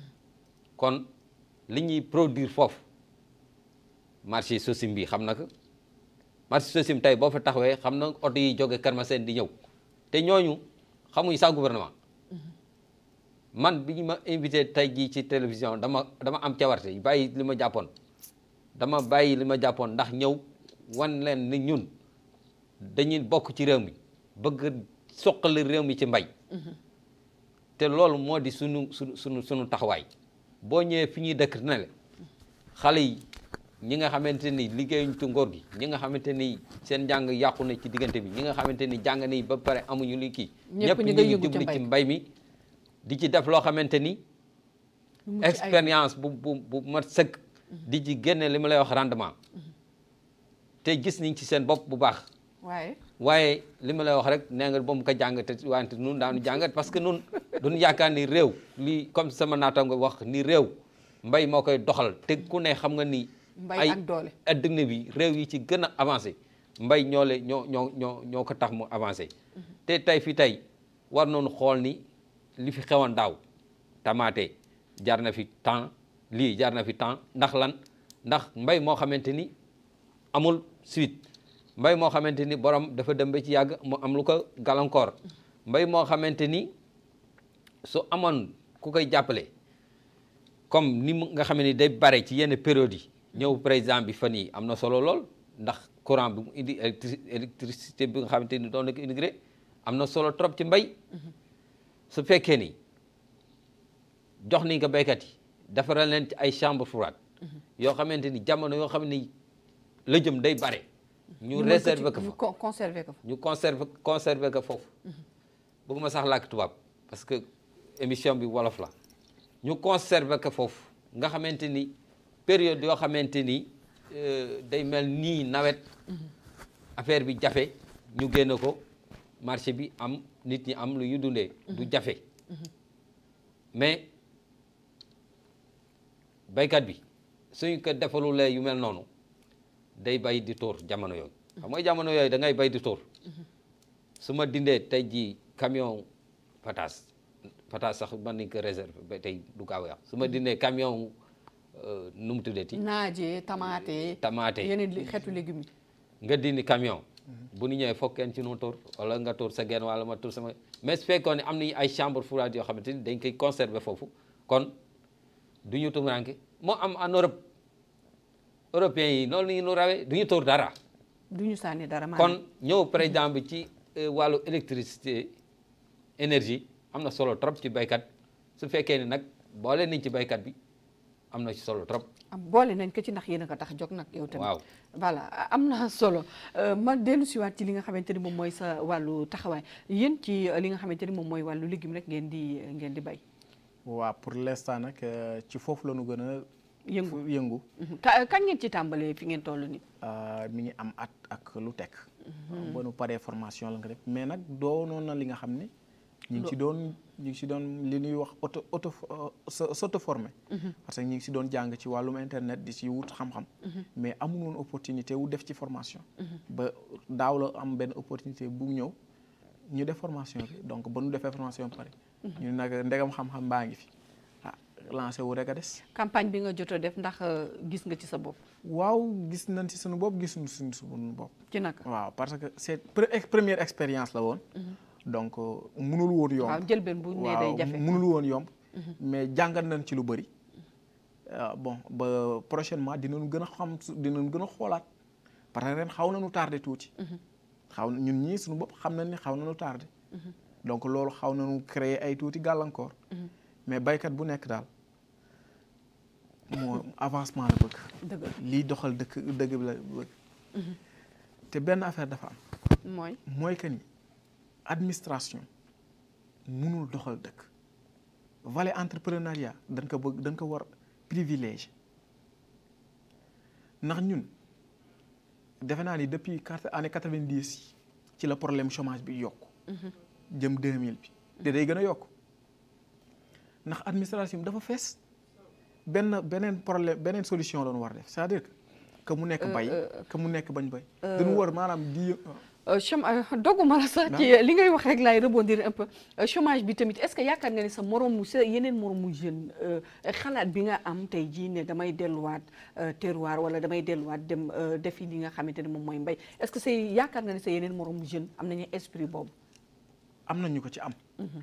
kon li ñuy produire foofu marché sosim bi xam na ko marché sosim tey boo fa taxawee xam na oto yi jóge Keur Massène di ñëw te ñooñu xamuñ sax gouvernement mhm. man bi ñu ma invité tey jii ci télévision dama dama am cawarte bàyyi li ma jàppoon dama bàyyi li ma jàppoon ndax ñëw wan leen ni ñun dañuy bokk ci réew mi bëgg soqali réew mi ci mbay te loolu moo di sunu sunu sunu sunu taxawaay boo ñëwee fi ñuy dëkk na le xale yi ñi nga xamante ni liggéeyuñ tu ngor gi ñi nga xamante ni seen njàng yàqu na ci diggante bi ñi nga xamante ni jàng nañ ba pare amuñu li kii ñëpp ñu ngi jubli ci mbay mi di ci def loo xamante ni expérience bu bu mat sëkk di ci génne li ma lay wax rendement te gis niñ ci seen bopp bu baax waaye waaye li ma lay wax rek nee nga mu ko jàngat wante nun daanu jàngat parce que nun duñu yaakaar ni réew lii comme sama naataango wax ni réew mbay moo koy doxal teg ku ne xam nga ni. mbay ak doole ay adduna bi réew yi ci gën a avancé mbay ñoole ñoo ñoo ñoo ñoo ko tax mu avancé. Mm-hmm. te tey fi tey war noonu xool ni li fi xewoon daaw tamaate jar na fi temps lii jar na fi temps ndax lan ndax mbay moo xamante ni amul suite. mbay moo xamante ni borom dafa dem ba ci yàgg mu am lu ko gàllankoor mbay moo xamante ni su amoon ku koy jàppale comme ni nga xam ni day bare ci yenn période yi ñëw président bi fan yi am na solo lool ndax courant bi mu indi électricité bi nga xamante ni doon na ko intégré am na solo trop ci mbay mm-hmm. su fekkee ni jox nañ ko béykat yi defaral leen ci ay chambre froide mm-hmm. yoo xamante ni jamono yoo xam ni lëjëm day bare ñu réserver ko fa conserver ko ñu conserver conserver ko foofu bëgguma sax làkk tubaab parce que émission bi wolof la ñu conserver ko foofu nga xamante ni période yoo xamante ni euh, day mel nii nawet affaire bi jafe ñu génn ko marché bi am nit ñi am lu ñu dundee du jafe mais baykat bi suñu ko defalulee yu mel noonu day bay di tóor jamono yooyu xam mooy jamono yooyu da ngay bay di tóor su ma dindee tey jii camion pataas pataas sax mën nañ ko réserver ba tey du gaaw yàq su ma mm-hmm. dindee camion euh, nu mu tuddee ti naaje tamaate tamaate yeneen xeetu légumes yi nga dindi camion mm-hmm. bu nu ñëwee foog kenn ci nu tóor wala nga tóor sa gen wala ma tóor sama mais su fekkoon ne am nañu ay chambre froide yoo xamante ni dañ koy conserver foofu kon du ñu tumuranke moo am en européens yi noonu la rawee du ñu tóor dara. du ñu sànni dara kon ñëw par exemple ci euh, wàllu électricité énergie am na solo trop ci baykat su fekkee ne nag boole nañ ci baykat bi am na ci solo trop. am boole nañ ko ci ndax yéen a ko tax jot nag yow tamit. waaw voilà am na solo euh, ma dellu siwaat ci li nga xamante ni moom mooy sa wàllu taxawaay yéen ci euh, li nga xamante ni moom mooy wàllu légume rek ngeen di ngeen di bay. waaw pour l'instant nag ci foofu la ñu gën a yëngu yëngu. Mhm. kañ ngeen ci tàmbalee fi ngeen toll nii. Ah, mi ngi am at ak lu tekk. Ah, ba nu paree formation la nga def mais nag doo noon na li nga xam ni ñu ngi si doon ñu ngi si doon li nuy wax auto auto s'auto formé mhm. parce que ñu ngi si doon jàng ci wàllum internet di si wut xam-xam. Mhm. mais amul woon opportunité wu def ci formation. ba daaw la am benn opportunité bu ñëw ñu def formation bi donc ba nu defee formation bi pare. ñu nag ndegam xam-xam baa ngi fi. lancé wu rek a des. campagne bi nga jot a def ndax euh, gis nga ci sa bopp. waaw gis nañ ci suñu bopp gisuñu suñu suñu bopp. ci naka waaw parce que c' est première expérience la woon. Mhm. donc euh, mënul woon yomb. waaw jëlbeen bu nee day jafe waaw mënul woon yomb. Mhm. mais jàngat nañ ci lu bëri. Mhm. Ah, bon ba prochainement dinañ gën a xam dinañ gën a xoolaat parce que ren xaw nañu tardé tuuti. xaw ñun ñii suñu bopp xam na ni xaw nañu tardé. donc loolu xaw nañu créer ay tuuti gàllankoor. mais baykat bu nekk daal moo avancement la bëgg. dëgg doxal dëkk dëgg bi la bëgg. Mhm. te benn affaire dafa am. mooy mooy que ni administration mënul doxal dëkk. volet entrepreneuriat dañ ko bëgg dañ ko war privilège ndax ñun defe naa ni depuis quatre année quatre vingt yi ci la problème chômage bi yokk. Mhm. jëm deux mille bi. te day gën a yokk ndax administration dafa fees. benn beneen problème beneen solution la war def cest dire que mu nekk euh, bay euh, que mu nekk bañ bay euh, dañu war maanaam di chom dogguma la sax ci li ngay wax rek laay rebondir un peu chômage bi tamit est que yaakaar nga ni sa moroom mu yeneen moromu jeune xalaat bi nga am tey jii ne damay delluwaat terroir wala damay delluwaat dem defi li nga xamante ne moom mooy mbay est-ce que yaakaar nga ni sa yeneen moromu jeune am nañu esprit boobu am ñu ko ci am mhm.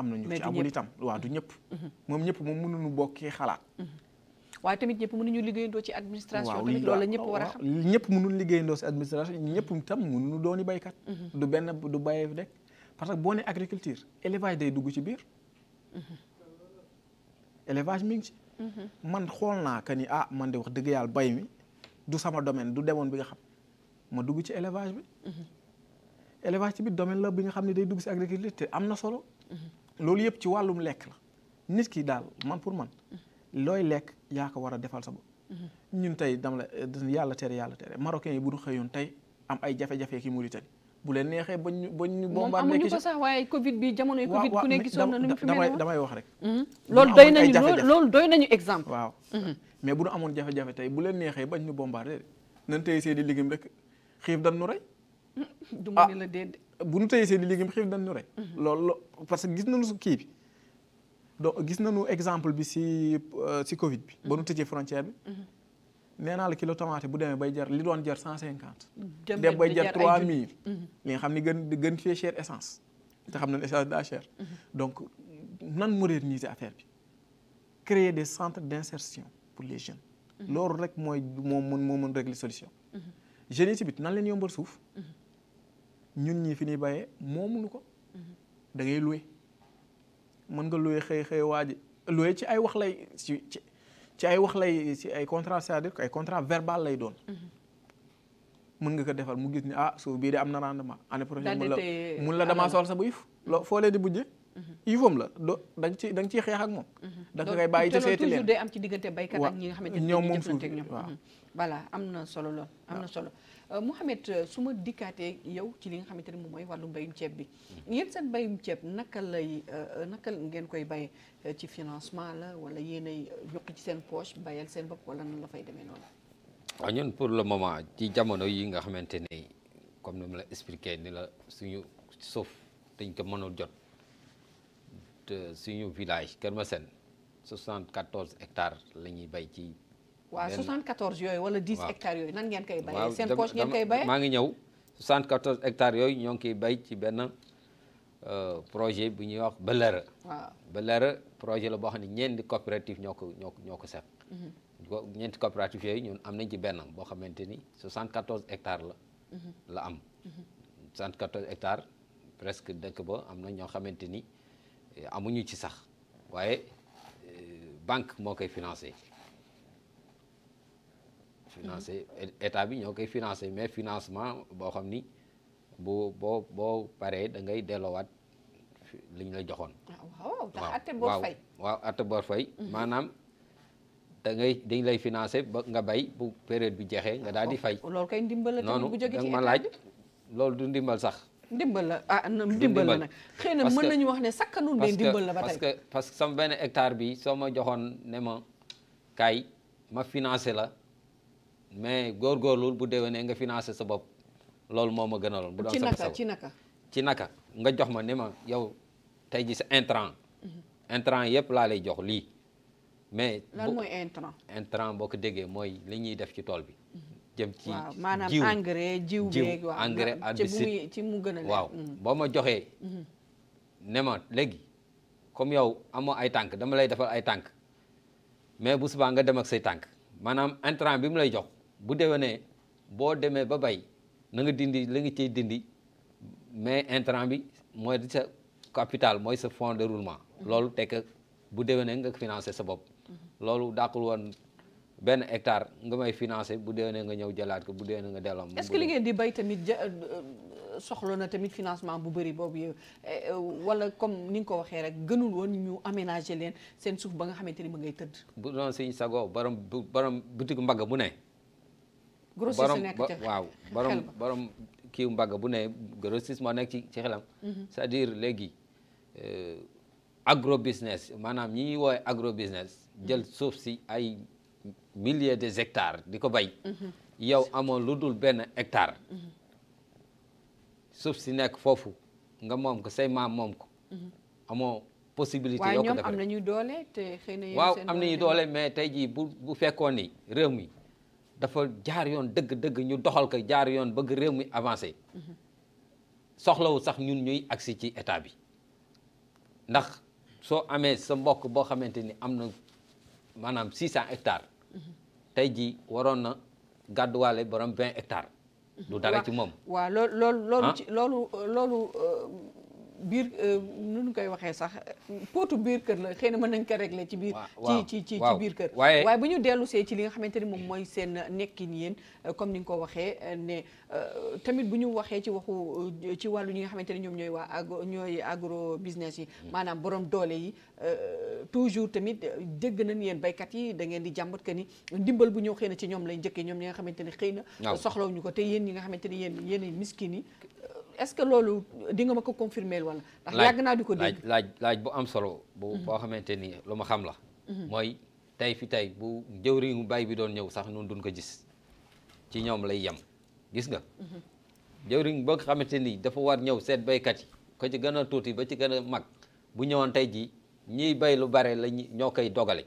am na ñu ci amul itam waaw du ñëpp mm-hmm. moom ñëpp moom mënuñu bokkee xalaat mm-hmm. waaye tamit ñëpp mënuñu liggéeyandoo ci administration tamit loolu la ñëpp war a xam ñëpp mënuñu liggéeyandoo ci administration ñëpp itam mënuñu dooni baykat mm-hmm. du benn du bayee parce que boo ne agriculture day dugg ci biir élevage mi ngi ci man xool naa que ni ah man de wax dëgg yàlla bay mi du sama domaine du demoon bi nga xam ma dugg ci élevage bi élevage ci biir domaine la bi nga xam ne day dugg ci agriculture te am na solo loolu yëpp ci wàllum lekk la nit ki daal man pour man looy lekk yaa ko war a defal sa bopp. ñun tey dama la eh, yàlla tere yàlla tere marocain yi bu ñu xëyoon tey am ay jafe-jafe ki Mauritanie bu leen neexee bañ ñu bañ ñu. bombarde amuñu ko sax waaye Covid bi jamono Covid ku ne gisoon na mu fi mel damay wax rek. Hmm. loolu doy nañu loolu doy nañu exemple. waaw hmm. mais bu ñu amoon jafe tey bu leen neexee bañ ñu bombardé nan tey seen i liggéeyam rek xiif dañ nu rey. du ah. mu ne la déedéet bu nu tëyee seen i légumes xiif dañ ñu rey. Mhm. loolu parce que gis nañu su kii bi do gis nañu exemple bi si euh, si Covid bi. ba nu mhm. tëjee frontière bi. Mhm. nee naa la kilo tomate bu demee bay jar li doon jar cent cinquante. dem bay jar trois mille. li nga xam ni gën gën fee cher essence. te xam nañ essence daa cher. donc nan moderniser affaire bi créer des centre d'insertion pour les jeunes. loolu rek mooy moo mën moo mën régler solution. jeunes yi tamit nan leen yombal suuf. ñun ñi fi ñuy moo moomuñu ko da ngay mën nga loué xëy xëy waa ji ci ay wax lay ci ci ay wax lay ci ay contrat c'est-à-dire que ay contrat verbal lay doon mën nga ko defal mu gis ni ah suuf bii de am na rendement année prochaine mun la mun la damaa sool sa bu yif loo foo leen di bujje yifam la do da ci ciy da nga ciy xeex ak moom da nga koy bàyyi ci seeti leen toujours am ci diggante baykat ak ñi nga xamante ne ñoom moom suuf waaw am na solo lool am na Euh, Mouhamed euh, su suma dikkaatee yow ci li nga xamante ne moom mooy wàllu mbayum ceeb bi hmm. yéen seen mbayum ceeb naka lay euh, naka ngeen koy bay ci financement la wala yéenay yokk ci seen poche bayal seen bopp wala nan la fay demee noonu. waaw ñun pour le moment ci jamono yi nga xamante ne comme ni mu la expliqué ni la suñu suuf dañ ko mënul jot suñu village Kër Massène 74 hectares la ñuy bay ci. waa waaw 74 yooyu wala 10 hectares yooyu nan ngeen koy bayee seen poche ngeen koy bayee maa ngi ñëw 74 hectares yooyu ñoo ngi koy bay ci benn euh, projet bu ñuy wax Bellera waaw projet la boo xam ne ñeenti coopérative ñoo ko ñoo ñoo ko seq mhm. ñeenti coopérative yooyu ñun am nañ ci benn boo xamante ni 74 hectares la mhm. la am 74 mhm. hectare presque dëkk ba am na ñoo xamante ni eh, amuñu ci sax waaye euh, banque moo koy financé financé état bi ñoo koy financé mais financement boo xam ni boo boo paree da ngay delloowaat li ñu la joxoon. Ah, waaw ndax atte bor fay fay. Mhm. maanaam dangay ngay dañ lay financé ba nga bay bu période bi jeexee nga daal di fay. Oh, loolu kay ndimbal la tamit bu jógee noonu da nga ma laaj loolu du ndimbal sax. ndimbal la ah ndimbal la nag xëy na mën nañu wax ne sakkanul ne ndimbal la ba tey parce que parce que sama benn hectare bi soo ma joxoon ne ma kaay ma financé la mais góor góorgóorlu bu déwénee nga financé sa bopp loolu moo ma gën gënaloon. bu doon sama sago ci naka ci naka nga jox ma ni ma yow tey ji sa intrant. Mhm. intrant yëpp laa lay jox lii. mais lan mooy intrant. intrant boo ko déggee mooy li ñuy def ci tool bi. Mhm. jëm ci engrais jiw beeg waaw engrais ci mu gën waaw mhm. boo ma joxee. ne ma léegi comme yow amoo ay tànk dama lay defal ay tànk mais bu subaa nga dem ak say tànk maanaam intrant bi mu lay jox. bu déwénee boo demee ba bay na nga dindi la nga ciy dindi mais intrant bi mooy di sa capital mooy sa fond de roulement mm-hmm. loolu tekk bu déwénee nga financé sa bopp mm-hmm. loolu dàqul woon benn hectare nga may financé bu déwénee nga ñëw jëlaat ko bu déwénee nga delloom est-ce que li di bay tamit euh, soxla na tamit financement bu bëri boobu eh, eh, wala comme ni nga ko waxee rek gënul woon ñu aménager leen seen suuf ba nga xamante ni ba ngay tëdd bu doon siñ sago borom borom bitig mbagg bu ne grossiste nekk ci waaw [LAUGHS] borom borom kii bu ne grossiste moo nekk ci xelam mhm. cest à léegi euh, agro business maanaam ñi ñuy woowee agro business mhm. jël suuf si ay milliers de hectare di ko bay mhm. yow amoon lu dul benn hectare suuf si nekk foofu nga moom ko say maam moom ko amoo possibilité yoo ko defee waaye ñoom am nañu doole te xëy na waaw am nañu doole mais tey ji bu bu fekkoon réew mi dafa jaar yoon dëgg-dëgg ñu doxal ko jaar yoon bëgg réew mi avancé soxlawul sax ñun ñuy agsi ci état bi ndax soo amee sa mbokk boo xamante ni am na maanaam 600 hectare tey ji waroon na gàdduwaale borom 20 hectares du dara ci moom waaw ah? loolu loolu loolu euh, biir euh, nu ñu koy waxee sax pootu biir kër la xëy na mën nañ ko régler ci biir ci ci ci ci biir kër waaye bu ñu dellu see ci li nga xamante ni moom mooy seen nekkin yéen euh, comme ni nga ko waxee euh, ne tamit bu ñu waxee ci waxu ci wàllu ñi nga xamante ni ñoom ñooy waa agro ñooy agro business yi hmm. maanaam borom doole yi toujours tamit dégg nañ yéen baykat yi da ngeen di jàmbat que ni ndimbal bu ñëw xëy na ci ñoom lay njëkkee ñoom ñi nga xamante ni xëy na soxlaw ñu ko te yéen ñi nga xamante ni yéen yéen miskin yi est-ce que loolu di nga ma ko confirmer wala. ndax yàgg naa di ko dégg laaj laaj laaj bu am solo. bu mhm. boo xamante ni lu ma xam la. Mhm. mooy tey fi tey bu jëwriñu bay bi doon ñëw sax nun duñ ko gis ci ñoom lay yem gis nga. Mhm. jëwriñ ba xamante nii dafa war ñëw seet baykat yi ko ci gën a tuuti ba ci gën a mag bu ñëwoon tey jii ñiy bay lu bare la ñoo koy dogale.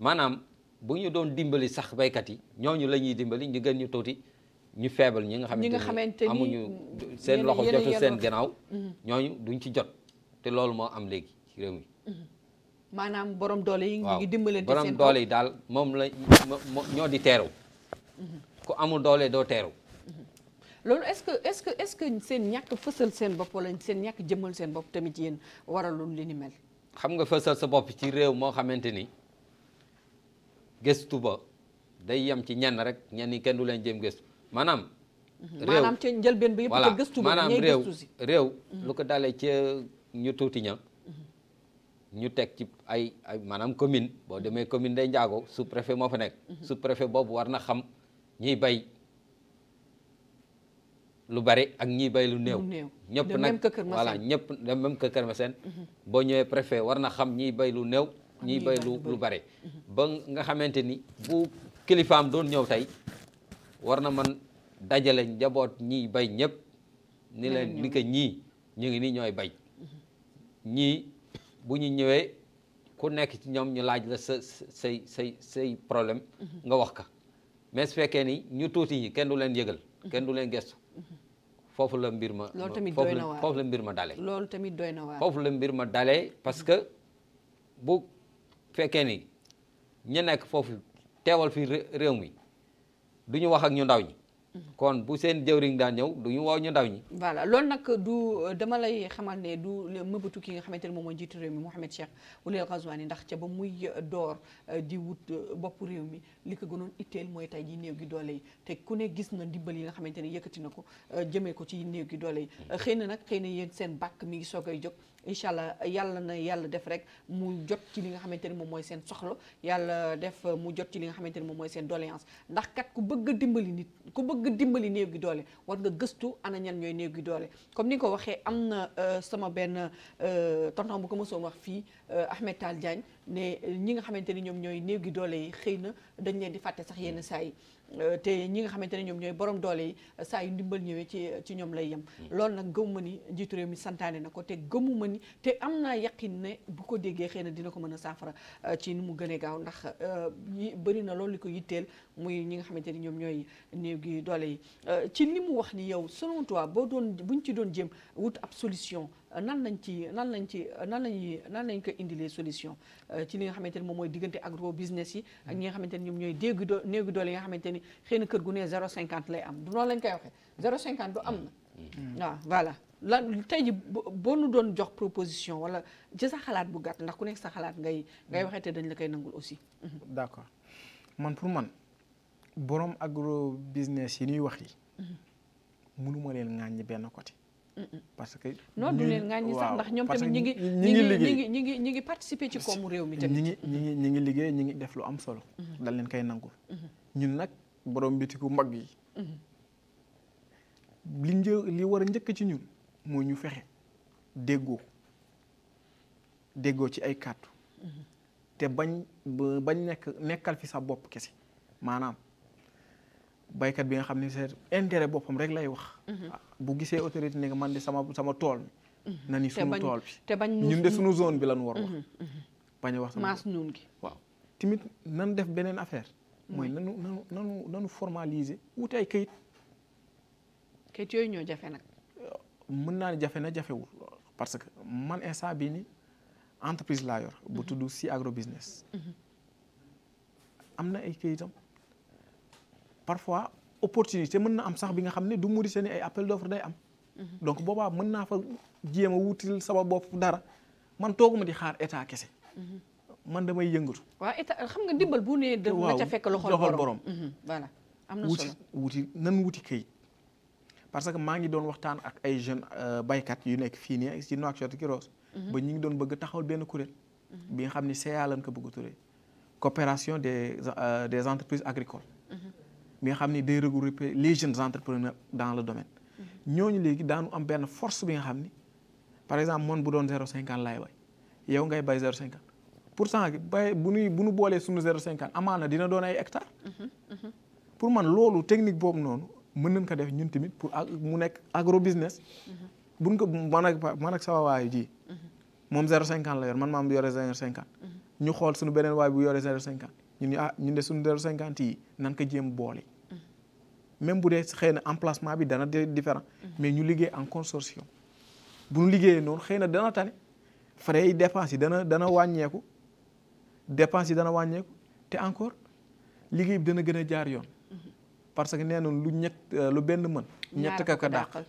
maanaam bu ñu doon dimbali sax baykat yi ñooñu la ñuy dimbali ñu gën ñu tuuti. ñu feebal ñi nga xamante amuñu seen loxo jotu seen gannaaw mhm. ñooñu duñ ci jot te loolu moo am léegi ci réew mi mhm. borom doole yi ngi dimbalante seen borom doole daal moom la ñoo di teeru mhm. ku amul doole doo teeru loolu est-ce que est-ce que est-ce que seen ñàkk fësal seen bopp wala seen ñàkk jëmmal seen bopp tamit yéen waralul li ni mel xam nga fësal sa bopp ci réew moo xamante ni gëstu ba day yem ci ñenn rek ñenn kenn du leen jëm gëstu maanaam mhm. réew maanaam réew réew mhm. lu ko dalee ca ñu tuuti ña mhm. ñu teg ci ay ay maanaam commune boo demee commune day njaago sous préfet moo fa nekk sous préfet boobu war na xam ñiy bay lu bari ak ñi bay lu néew ñëpp nag voilà ñëpp de même que boo ñëwee préfet war na xam ñi bay lu néew ñiy bay lu lu bari ba nga xamante ni bu kilifaam doon ñëw tey war na man dajale njaboot ñi bay ñëpp ni leen ni ko ñii ñu ngi ni ñooy bay ñii bu ñu ñëwee ku nekk ci ñoom ñu laaj la sa say say say problème nga wax ka mais su fekkee ni ñu tuuti ñi kenn du leen yëgal kenn du leen gestu foofu la mbir ma loolu tamit doy na foofu la mbir ma dalee loolu tamit doy na foofu la mbir ma dalee parce que bu fekkee ni ñu nekk foofu teewal fi réew mi du ñu wax ak ñu ndaw ñi. kon bu seen jëwriñ daan ñëw du ñu woo ñu ndaw ñi. voilà loolu nag du euh, dama lay xamal ne du mëbatu ki nga xamante ne moom mooy njiitu réew mi Mouhamed Cheikh Ould Ghazouani ndax ca ba muy euh, door euh, di wut bopp réew mi li ko gënoon itteel mooy tey ji néew gi doole yi te ku ne gis na ndimbal yi nga xamante ne yëkkati na ko jëmee ko ci néew gi doole yi. Mm. xëy na nag xëy na yéen seen bàkk mi ngi soog ay jóg. incha allah yàlla na yàlla def rek mu jot ci li nga xamante ni moom mooy seen soxla yàlla def mu jot ci li nga xamante ni moom mooy seen doléance ndax kat ku bëgg dimbali nit ku bëgg dimbali néegi doole war nga gëstu ana ñan ñooy néegi doole comme ni ko waxee am na euh, sama benn euh, tonton bu ko mësoon wax fii euh, Ahmed Tall Diagne ne ñi nga xamante ni ñoom ñooy néegi doole yi xëy na dañ leen di fàtte sax yenn saa yi Euh, te ñi nga xamante ne ñoom ñooy borom doole yi saa yu ndimbal ñëwee ci ci ñoom lay yem. Mm. loolu nag gëmuma ni njiitu réew mi santaane na ko te gëmuma ni te am naa yaqin ne bu ko déggee xëy na dina ko mën a saafara euh, ci ni mu gënee gaaw ndax euh, yi bëri na loolu li ko yitteel muy ñi nga xamante ni ñoom ñooy néegi doole yi. ci li mu wax ni yow selon toi boo doon buñ ci doon jëm wut ab solution. nan lañ ci nan lañ ci nan lañuy nan lañ ko indilee solution euh, ci li nga xamante ni moom mooy diggante agro business yi ak ñi nga xamante ni ñoom ñooy déggu do néegu doole yi nga xamante ni xëy na kër gu ne 0,50 lay am du lañ koy waxee 0,50 du am na mm-hmm. waaw voilà tey ji boo nu doon jox proposition wala ci sa xalaat bu gàtt ndax ku nekk sa xalaat ngay ngay mm-hmm. waxee te dañ la koy nangul aussi mm-hmm. d'accord man pour man boroom agro business yi ñuy wax yi mënuma leen ŋàññi benn côté parce que non leen nga ñi sax ndax ñoom tamit ñi ngi ñi ngi liggéey ñi ngi ñi ngi participer ci koomu réew mi tamit ñi ngi ñi ngi ñi ngi liggéey ñi ngi def lu am solo mhm. dal leen koy nangu mhm. ñun nag borom bitiku mbagg yi mhm. li një li war a njëkk ci ñun moo ñu fexe déggoo déggoo ci ay kàddu te bañ bañ nekk nekkal fi sa bopp kese maanaam baykat bi nga xam ne c'est intérêt boppam rek lay wax. Mhm. Ah, bu gisee autorité ne man di sama sama tool. Mhm. na ni sunu tool bi te bañ ñun de sunu zone bi lan war wax. Mhm, bañ a wax sama maas ñun gi waaw tamit nan def beneen affaire. mooy nanu nanu nanu nanu formaliser ay kayit. kayit yooyu ñoo jafe nag. mën naa ne jafe na jafewul parce que man instant bii ni entreprise laa yor. bu tudd si agro business. am na ay kayitam. parfois opportunité mën na am sax bi nga xam ne du muri seen ay appel d'offre day am. Mhm. donc boobaa mën naa fa jéem a wutil sama bopp dara man tooguma di xaar état kese. Mhm. man damay yëngatu. waaw état xam nga dimbal bu ne. waaw ca fekk loxol borom mhm, voilà am na solo wuti nan wuti këyit. parce que maa ngi doon waxtaan ak ay jeunes euh, baykat yu nekk fii nii ci Nouakchott Gyros. ba ñu ngi doon bëgg taxawal benn kuréel. bi nga xam ne CA lan ko bëgg a coopération des euh, des entreprises agricoles. mi xam ni day regrouper les jeunes entrepreneurs dans le domaine ñooñu léegi daanu am benn force bi nga xam ni par exemple man bu doon zéro cinquante laay bay yow ngay bay zéro cinquante pourtant bay bu ñuy bu ñu boolee suñu zéro cinquante amaan na dina doon ay hectares. pour man loolu technique boobu noonu mën nañ ko def ñun tamit pour mu nekk agro business. buñ ko man ak man ak sama ji. moom zéro cinquante la yor man maa mu yore zéro cinquante. ñu xool suñu beneen waay bu yore zéro cinquante. ñu ne ah ñu ne suñu zéro cinquante yi nan ko jéem boole. même bu dee xëy na emplacement bi dana différent mais ñu liggéey en consortium bu ñu liggéeyee noonu xëy na dana tane frais yi dépenses yi dana dana wàññeeku dépenses yi dana wàññeeku te encore liggéey bi dana gën a jaar yoon. parce que nee nañ lu ñett euh, lu benn mën. ñett ka ko dàqal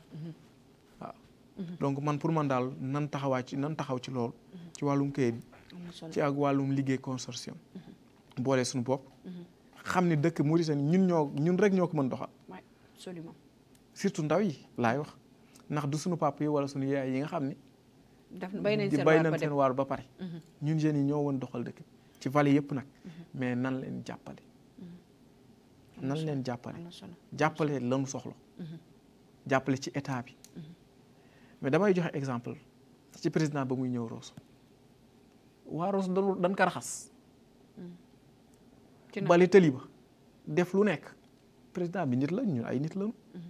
mhm. donc man pour man daal nan taxawaa ci nan taxaw ci loolu. ci wàllum kayit ci ak wàllum liggéey consortium. Mhm. boole suñu bopp. Mm-hmm. xam ni dëkk Mauritanie ñun ñoo ñun rek ñoo ko mën doxal. waaw absolument. surtout ndaw yi laay wax ndax du suñu papa yi wala suñu yaay yi nga xam ni. daf bay nañ seen waar ba seen waar ba pare. Mm-hmm. ñun jeunes yi ñoo woon doxal dëkk ci vallée yëpp nag. Mm-hmm. mais nan leen jàppale. nan leen jàppale jàppale lanu soxla. jàppale ci état bi. mais damay joxe exemple ci président ba muy ñëw Rosso. waa Rosso dañu dañ raxas. bale tëli ba def lu nekk président bi nit la ñu ay nit lañu mhm.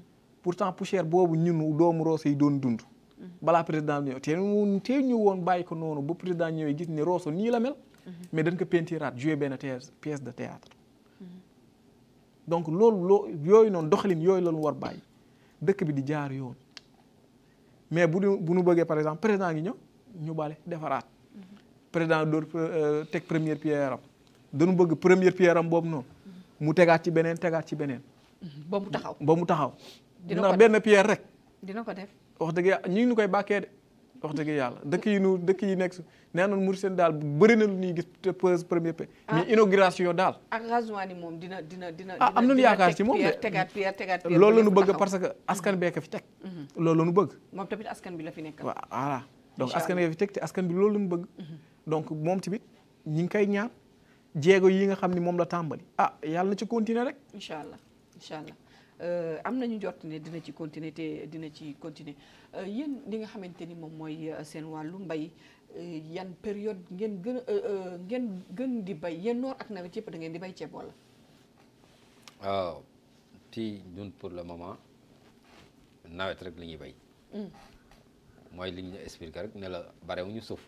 pourtant poussière boobu ñun doomu Rosso yi doon dund mhm. balaa président bi ñëw te ñu woon bàyyi ko noonu ba président ñëwee gis ni Rosso nii la mel mhm. mais dañ ko peintiraat joué benn pièce de théâtre donc loolu loo yooyu noonu doxalin yooyu lañu war bàyyi dëkk bi di jaar yoon mais bu bu nu bëggee par exemple président ngi ñëw ñu bale defaraat président door euh, teg première pierre dañu bëgg première pierre am boobu noonu mu tegaat ci beneen tegaat ci beneen. Mhm. ba mu taxaw ba mu taxaw. ndax benn pierre rek. dina ko def wax dëgg yàlla ñu ngi koy bàkkee wax dëgg yàlla dëkk yi nu dëkk yi nekk su nee nañu Mourchid daal bëri na lu ñuy gis te premier pe. Ah. mais inauguration daal. ak Rasuwaani moom dina dina dina. Ah, am nañu yaakaar ci moom de tegaat pierre tegaat loolu la ñu bëgg parce que askan mhm. bee fi teg. Mhm. loolu la ñu bëgg. moom tamit askan bi la fi nekkal. voilà donc askan bee fi teg te askan bi loolu la bëgg. donc moom tamit ñi ngi koy ñaan jéego yi nga xam ni moom la tàmbali ah yàlla na ci continuer rek. incha allah incha allah euh, am nañu jot ne dina ci continuer te dina ci continuer euh, yéen li nga xamante ni moom mooy euh, seen wàllu mbay yan période ngeen gën a ngeen gën di bay yéen noor ak nawet yëpp da ngeen di bay ceeb wala. waaw ti ñun pour le moment nawet rek li ñuy bay. Mm. mooy li ñu expliqué rek ne la barewuñu suuf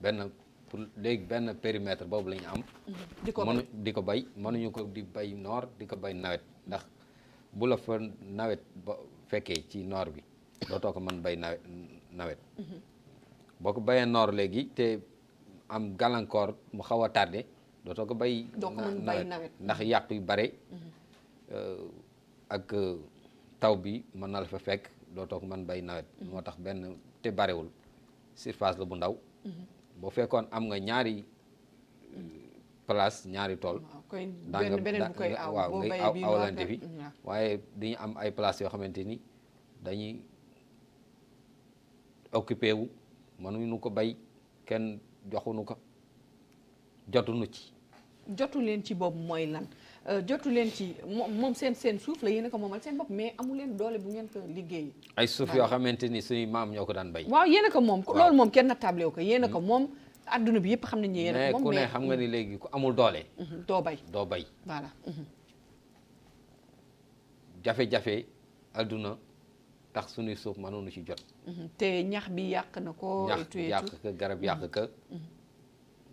benn. pour léegi benn périmètre boobu la ñu am. Mm-hmm. di ko mënu di ko bay mënuñu ko di bay noor di ko bay nawet ndax bu la fa nawet ba fekkee ci noor bi dootoo ko mën bay nawet nawet. Mm-hmm. boo ko bayee noor léegi te am gàllankoor mu xaw a tardé dootoo ko bay. doo ko mën bay nawet ndax yàq yu bare. Mm-hmm. Euh, ak euh, taw bi mën na la fa fekk dootoo ko mën bay nawet. moo tax benn te barewul surface la bu ndaw. boo fekkoon am nga ñaari mm, place ñaari tool. daa nga waaw ngay aw awlante bi waaye dañu am ay place yoo xamante ni dañuy occupé wu nu ko bay kenn joxuñu ko jotuñu ci. jotu leen ci boobu mooy lan. Euh, jotu leen ci moom seen seen suuf la yéen a ko moomal seen bopp mais amuleen leen doole bu ngeen ko liggéey ay suuf yoo xamante ni suñuy maam ñoo ko daan bay waaw yéen a ko moom loolu moom kenn na ko yéen a ko hmm. moom adduna bi yëpp xam nañ ne yéen a ko moom xam nga ni hmm. léegi ku amul doole hmm, bay doo bay voilà jafe-jafe adduna tax suñuy suuf mënoonu ci jot te ñax bi yàq na ko ñax yàq ka garab yàq ka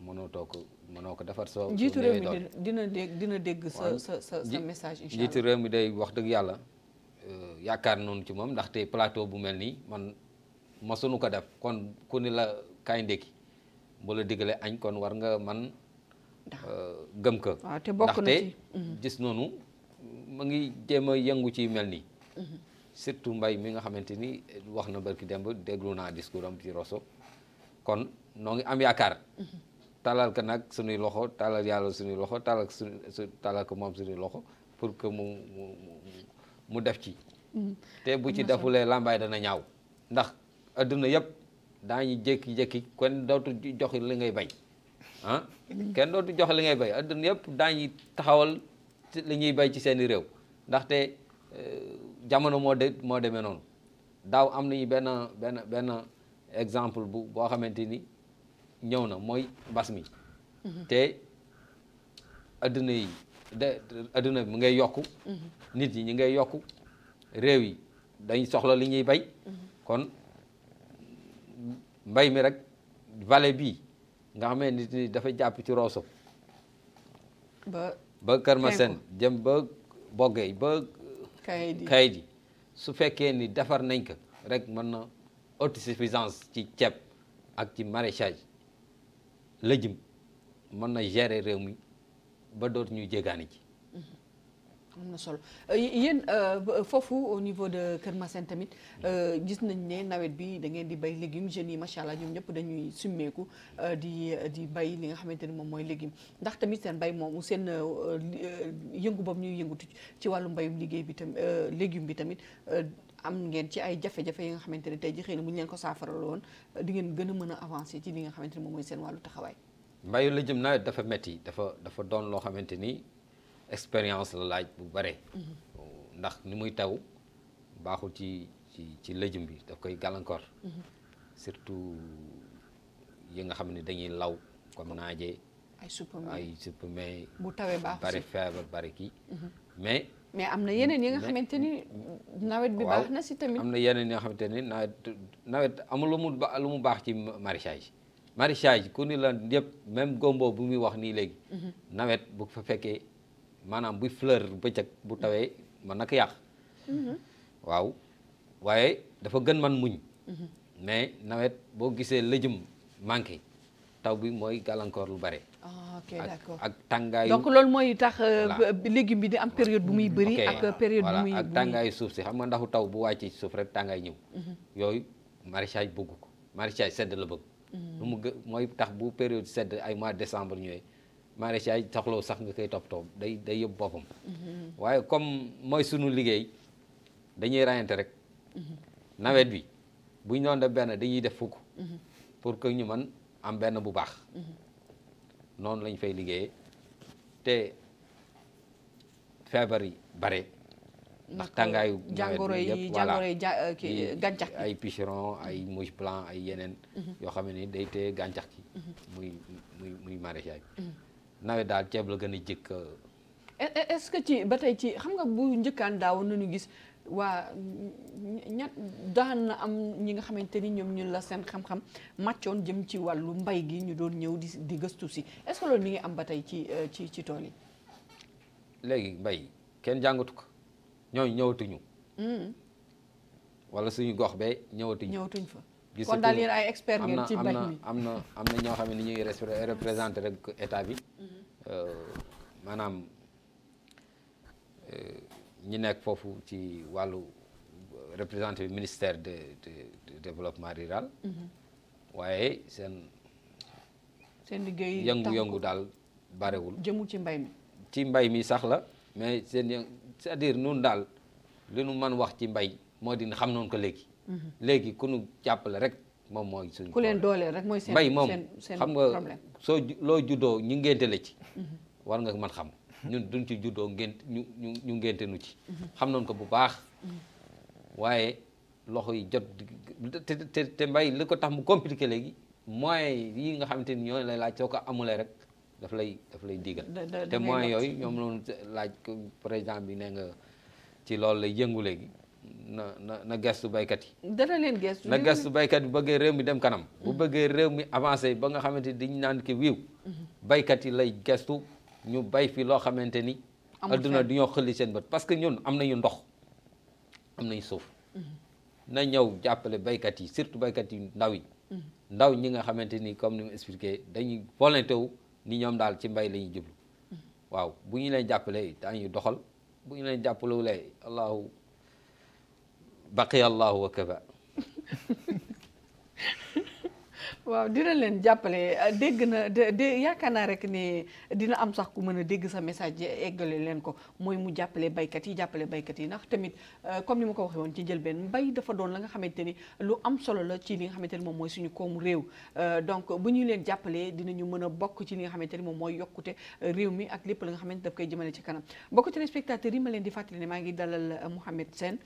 mënoo too ko mënoo ko defar soo. jiitu réew mi dina dégg dina dégg sa sa sa message. incha réew mi day wax dëgg yàlla euh, yaakaar noonu ci moom ndaxte plateau bu mel nii man ma ko def kon ku ni la kaay ndékki bu la diggalee añ kon war nga man euh, gëm ko. waaw ndaxte mhm. gis noonu ma ngi jéem a yëngu ci mel nii. Mhm. surtout mbay mi nga xamante ni wax na bërki demb déglu naa discours am ci kon noo ngi am yaakaar. Mhm. talal ko nag suñuy loxo talal yàlla suñuy loxo talal su talal ko moom suñuy loxo pour que mu mu mu def ci mm-hmm. te bu ci defulee làmbaay dana ñaaw ndax adduna yëpp daañu jékki-jékki kenn dootu jox li ngay bay ah kenn dootu jox li ngay bay adduna yëpp daañu taxawal li ñuy bay ci seeni réew ndaxte eh, jamono moo de moo demee noonu daaw am nañu benn benn benn exemple bu boo xamante ni ñëw na mooy mbas mi mhm. te adduna yi de adduna bi mu ngay yokku mhm. nit ñi ñi ngay yokku réew yi dañ soxla li ñuy bay mhm. kon mbay mi rek vale bi nga xamee nit ñi dafa jàpp ci roosa ba ba Kër Massène jëm ba Bogué ba yi su fekkee ni defar nañ ko rek mën na autosuffisance ci ceeb ak ci maraîchage la mën na gérer réew mi ba doot ñuy jéggaani ji. am na solo euh, yéen euh, foofu au niveau de Kër Massène tamit euh, gis nañ ne nawet bi da ngeen di bay légumes jeunes yi macha allah ñoom ñëpp dañuy summeeku di di bay li nga xamante ni moom mooy légume ndax tamit seen bay moomu seen yëngu boobu ñuy yëngutu ci wàllu mbayum liggéey bi tam légume bi tamit am ngeen ci ay jafe-jafe yi nga xamante ne tey ji xëy na bu ñu leen ko saafaraloon di ngeen gën a mën a avancer ci li nga xamante ne moom mooy seen wàllu taxawaay. mbayu la jëm nawet dafa metti dafa dafa doon loo xamante ni expérience la laaj bu bare. Mm-hmm. ndax ni muy taw baaxul ci ci ci lëjum bi daf koy gàllankoor. Mm-hmm. surtout yi nga xam ne dañuy law comme naaje. ay suppame ay suppame. bu tawee baaxul bari feebar bari mm-hmm. mais mais am na yeneen yi nga xamante ni nawet bi baax na si tamit am na yeneen yi nga xamante ni nawet nawet amul lu mu mu baax ci maraîchage maraîchage ku ni la yëpp même gombo bu muy wax nii léegi mhm. nawet bu fa fekkee maanaam buy fleur bëccëg bu tawee man naka yàq mhm. waaw waaye dafa gën man muñ mhm. mais nawet boo gisee lëjum manqué taw bi mooy gàllankoor lu bare Ah, ok d'accord ak tàngaayu donc loolu mooy tax euh, légume bi di am période bu muy bëri ak euh, période bu muy ak tàngaayu suuf si xam nga ndaxu taw bu wàcc ci suuf rek tàngaay ñëw mhm. yooyu maraîchage bëgg ko maraîchage sedd la bëgg mhm. lu mu mooy tax bu période sedd ay mois décembre ñëwee maraîchage soxlawu sax nga koy toppatoo day day yóbbu boppam mhm. waaye comme mooy sunu liggéey dañuy rayante rek nawet bi buñ doon def benn dañuy def fukk pour que ñu am benn bu baax noonu lañ fay liggéeyee te feebar yi bare. ndax tàngaayu jàngoro yi jàngoro yi euh, gàncax ay puceron ay mouche plan ay yeneen. Mhm. yoo xam ne day téye gàncax gi. Mhm. muy muy muy maraîchage bi. Mhm. daal ceeb la gën a jëkk e-, e-, est-ce que ci ba tey ci xam nga bu njëkkaan daaw nañu gis waa ña daan na am ñi nga xamante ni ñoom ñun la seen xam-xam màccoon jëm ci wàllu mbay gi ñu doon ñëw di di gëstu si est loolu mi ngi am ba tey ci euh, ci ci tool yi. léegi mbay kenn jàngatu ko ñooñu ñëwatuñu. Hmm. wala suñu gox bee ñëwatuñu. ñëwatuñ fa kon daal yéen ay expert ngeen ci mbay mi am na am na ñoo xam ne ni ñuy représenté rek état bi. Hmm. Euh, maanaam. Euh, ñi nekk foofu ci wàllu représenté bi ministère de de développement rural. Mm-hmm. waaye seen. seen liggéey yëngu-yëngu daal barewul. jëmu ci mbay mi. ci mbay mi sax la mais seen yëngu c'est-à-dire nun daal lu nu mën wax ci mbay moo dina xam noonu ko léegi. Mm-hmm. léegi ku nu jàppale rek moom mooy. suñu ku leen dooleel rek mooy seen seen mbay moom xam nga soo loo juddoo ñu ngénte la ci. Mm-hmm. war nga mën xam. ñun duñ ci juddoo ngént ñu ñu ñu ngénte nu ci xam nañ ko bu baax waaye loxo yi jot te te mbay li ko tax mu compliqué léegi moyens yi nga xamante ni ñoo lay laaj soo ko amulee rek daf lay daf lay digal te moyens yooyu ñoom loolu laaj président bi nee nga ci loolu lay jëngu léegi na na na gestu baykat yi dana leen gestu na gestu baykat yi bëggee réew mi dem kanam bu bëggee réew mi avancé ba nga xamante diñ naan ki wiiw mhm. baykat yi lay gestu ñu bay fi loo xamante ni adduna du ñoo xëlli seen bët parce que ñun am nañu ndox am nañu suuf mhm. na ñëw jàppale baykat yi surtout baykat yi ndaw yi mhm. ndaw ñi nga xamante ni comme ni mu expliqué dañuy volonté ni ñoom daal ci mbay lañuy ñuy jublu mhm. waaw bu ñu leen jàppale daañu doxal bu ñu leen jàppalewulee allahu baqiya allahu wa [LAUGHS] waaw dina leen jàppale dégg na de yaakaar naa rek ne dina am sax ku mën a dégg sa message eggale leen ko mooy mu jàppale baykat yi jàppale baykat yi ndax tamit euh, comme ni ma ko waxee woon ci njëlbeen mbay dafa doon la nga xamante ni lu la ci li nga xamante ni moom mooy suñu koomu réew euh, donc bu ñu leen jàppalee dinañu mën a bokk ci li nga xamante ni moom mooy yokkute euh, réew mi ak la nga xamante daf koy jëmale ci kanam bokk téléspectateurs yi ma leen di fàttali ne maa ngi dalal Mouhamed Sène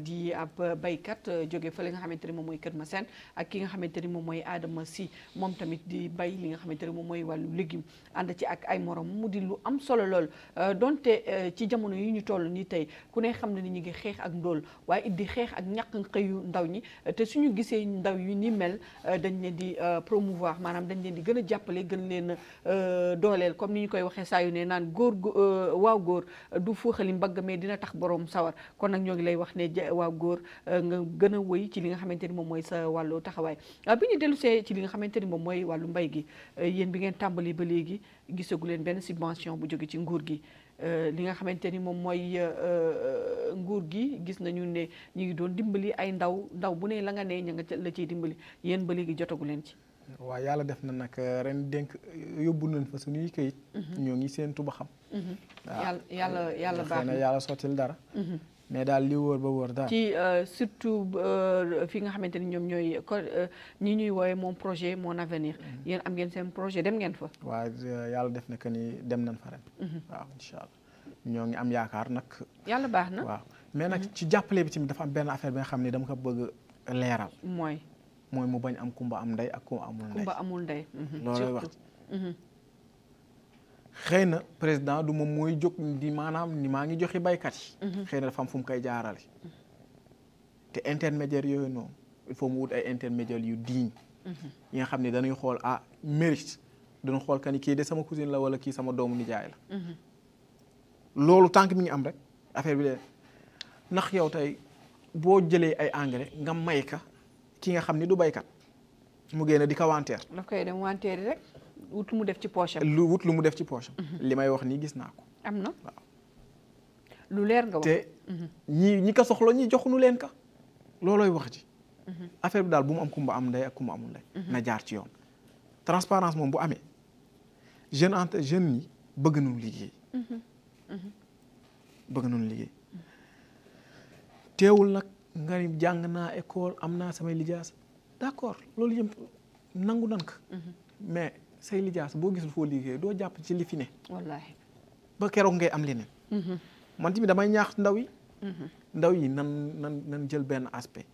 di ab baykat jóge fa nga xamante ni moom mooy Kër Masène ak ki nga xamante ni moom mooy Adama Adama si moom tamit di bay li nga xamante ne moom mooy wàllu légume ànd ci ak ay moroom mu di lu am solo lool euh, donte euh, ci jamono yi ñu toll nii tey ku ne xam ne ni ñu ngi xeex ak ndóol waaye di xeex ak ñàkk xëyu ndaw ñi te suñu gisee ndaw yu ni mel euh, dañ leen di promouvoir maanaam dañ leen di gën a jàppale gën leen dooleel comme ni ñu koy waxee saa yu ne naan góor waaw góor du fooxali mbagg mais dina tax borom sawar kon nag ñoo ngi lay wax ne waaw góor nga gën a wëy ci li nga xamante ni moom mooy sa wàllu taxawaay bi dee ci li nga xamante ni moom mooy wàllu mbay gi euh, yéen bi ngeen tàmbali ba léegi gisagu leen benn subvention bu jóge ci nguur gi euh, li nga xamante ni moom mooy euh, nguur gi gis nañu ne ñu ngi doon dimbali ay ndaw ndaw bu ne la nga ne ña nga la ciy dimbali yéen ba léegi jotagu leen ci. waaw yàlla def na nag ren dénk yóbbu nañ fa suñuy kayit. Mhm. ñoo ngi seen tuba xam. Mhm. yàlla yàlla baax na yàlla sottil dara. Mhm. mais daal li woor ba wóor daal. ci euh, surtout euh, fi nga xamante ni ñoom ñooy euh, ñi ñuy woowee mon projet mon avenir. Mhm. yéen am ngeen seen projet dem ngeen fa. waaw yàlla def na que ni dem nañ fa ren. Mhm. ñoo ngi am yaakaar nag. yàlla baax na waaw mais nag mhm. ci jàppale bi tamit dafa am benn affaire bi nga xam ne dama ko bëgg leeral. mooy mooy mu bañ am kumba am ndey ak kumba amul ndey. kumba amul ndey. wax. xëy na président du moom mooy jóg di maanaam ni maa ngi joxe baykat yi. Mhm. xëy na dafa am mu koy jaarale. Mhm. te intermédiaire yooyu noonu il mu wut ay intermédiaire yu digne. Mhm. yi xam ne dañuy xool a ah, mérite dañu xool que ni kii de sama cousine la wala kii sama doomu nijaay la. loolu tànk mi ngi am rek affaire bi de ndax yow tey boo jëlee ay engrais nga may ka ki nga xam ni du baykat mu génn di ko wanteer. daf koy dem wanteeri rek. wut lu mu def ci poche lu wut lu mu def mhm. li may wax nii gis naa ko. am na lu leer nga wax te mhm. ñi ñi ko soxla ñi joxuñu leen ka loolooy wax ji. Mhm. affaire bi daal bu mu am kumba am ndey ak kumba amul ndey. na jaar ci yoon. transparence moom bu amee jeune entre jeune ñi bëgg nañu liggéey. bëgg nañu liggéey teewul nag nga ni jàng naa école am naa samay lijaasa d'accord loolu yëpp nangu nan ko say lijaas boo gisul foo liggéey doo jàpp ci li fi ne. wallaahi ba keroog ngay am leneen. Mm-hmm. man tamit damay ñaax ndaw yi. Mm-hmm. ndaw yi nan nan nan jël benn aspect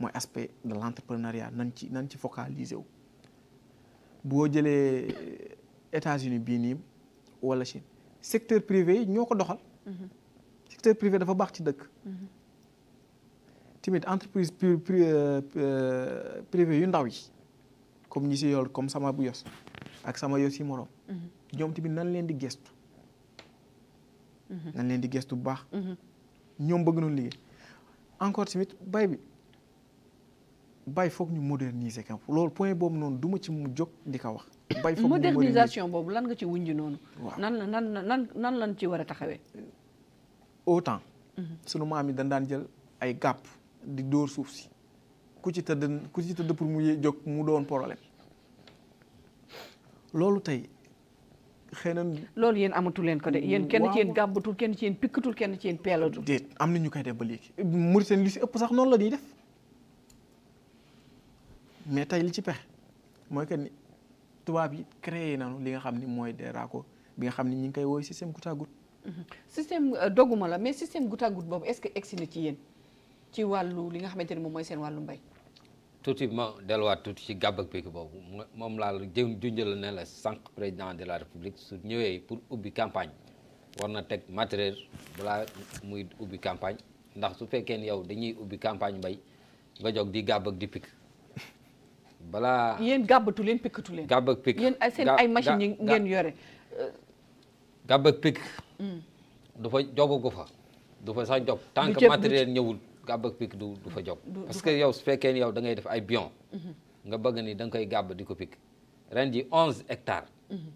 mooy aspect de l'entrepreneuriat ci nan ci focaliser wu. boo jëlee [COUGHS] États-Unis bii nii wala Chine secteur privé yi ñoo ko doxal. Mm-hmm. secteur privé dafa baax ci dëkk. tamit entreprise euh, euh, privée yu ndaw yi comme ñi si yool comme sama bu yos ak sama yow si morom. Mm-hmm. ñoom tamit nan leen di gestu. Mm-hmm. nan leen di gestu bu baax. Mm-hmm. ñoom bëgg nañu liggéey encore tamit bay bi bay foog ñu moderniser kam loolu point boobu noonu duma ci mu jóg di ko wax. bay foog modernisation boobu lan nga ci wuññi noonu. waaw nan la nan nan nan lan ci war a taxawee. autant. sunu maam yi dañ daan jël ay gàpp di dóor suuf si ku ci tëdd ku ci tëdd pour mu jóg mu doon problème. loolu tey xëy na. loolu yéen amatu leen ko de. yéen kenn ci yéen gàmbatul kenn ci yenn pikkatul kenn ci yéen peelatul. déet am na ñu koy def ba léegi. Mauritanie li si ëpp sax noonu la ñuy def mais tey li ci pexe mooy que ni tubaab yi créé nañu li nga xam ni mooy des raako bi nga xam ni ñu ngi koy woy système goutte à goutte. Mhm. système euh, doguma la mais système goutte à goutte boobu est-ce que egsi na ci yéen ci wàllu li nga xamante ne moom mooy seen wàllu mbay. tuuti ma delluwaat tuuti ci gàbb ak piki boobu moom laa la jë junjëla la sànq président de la république su ñëwee pour ubbi campagne war na teg matériel balaa muy ubbi campagne ndax su fekkee ne yow dañuy ubbi campagne bay nga jóg di gàbb di pik balaa yéen gàbbatu leen pikkatu leen gàbb ak pik yéen seen ay machine yi ngeen yore gàbb ak pik mm. du fa jogu ko fa du fa sax jog tant matériel ñëwul gàbb ak picc du du fa jóg parce que yow su fekkee ni yow da ngay def ay bion mhm. nga bëgg ni da koy gàbb di ko picc ren ji onze hectares mhm.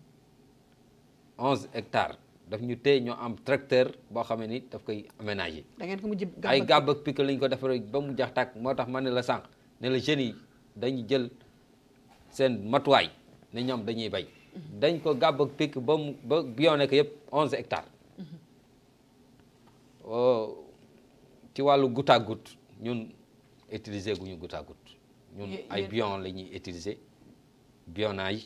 onze hectare daf ñu téye ñoo am tracteur boo xamee ne ni daf koy aménager da ngeen ko mujj ay gàbb ak picc lañ ko defaree ba mu jax tàkk moo tax ma ne la sànq ne la jeunes yi dañu jël seen matuwaay ne ñoom dañuy bay mhm. dañ ko gàbb ak picc ba mu ba bion nekk yëpp onze hectares oh, ci wàllu goutte à ñun utiliser gu ñu goutte à ñun ay bion la ñuy utiliser bionnaay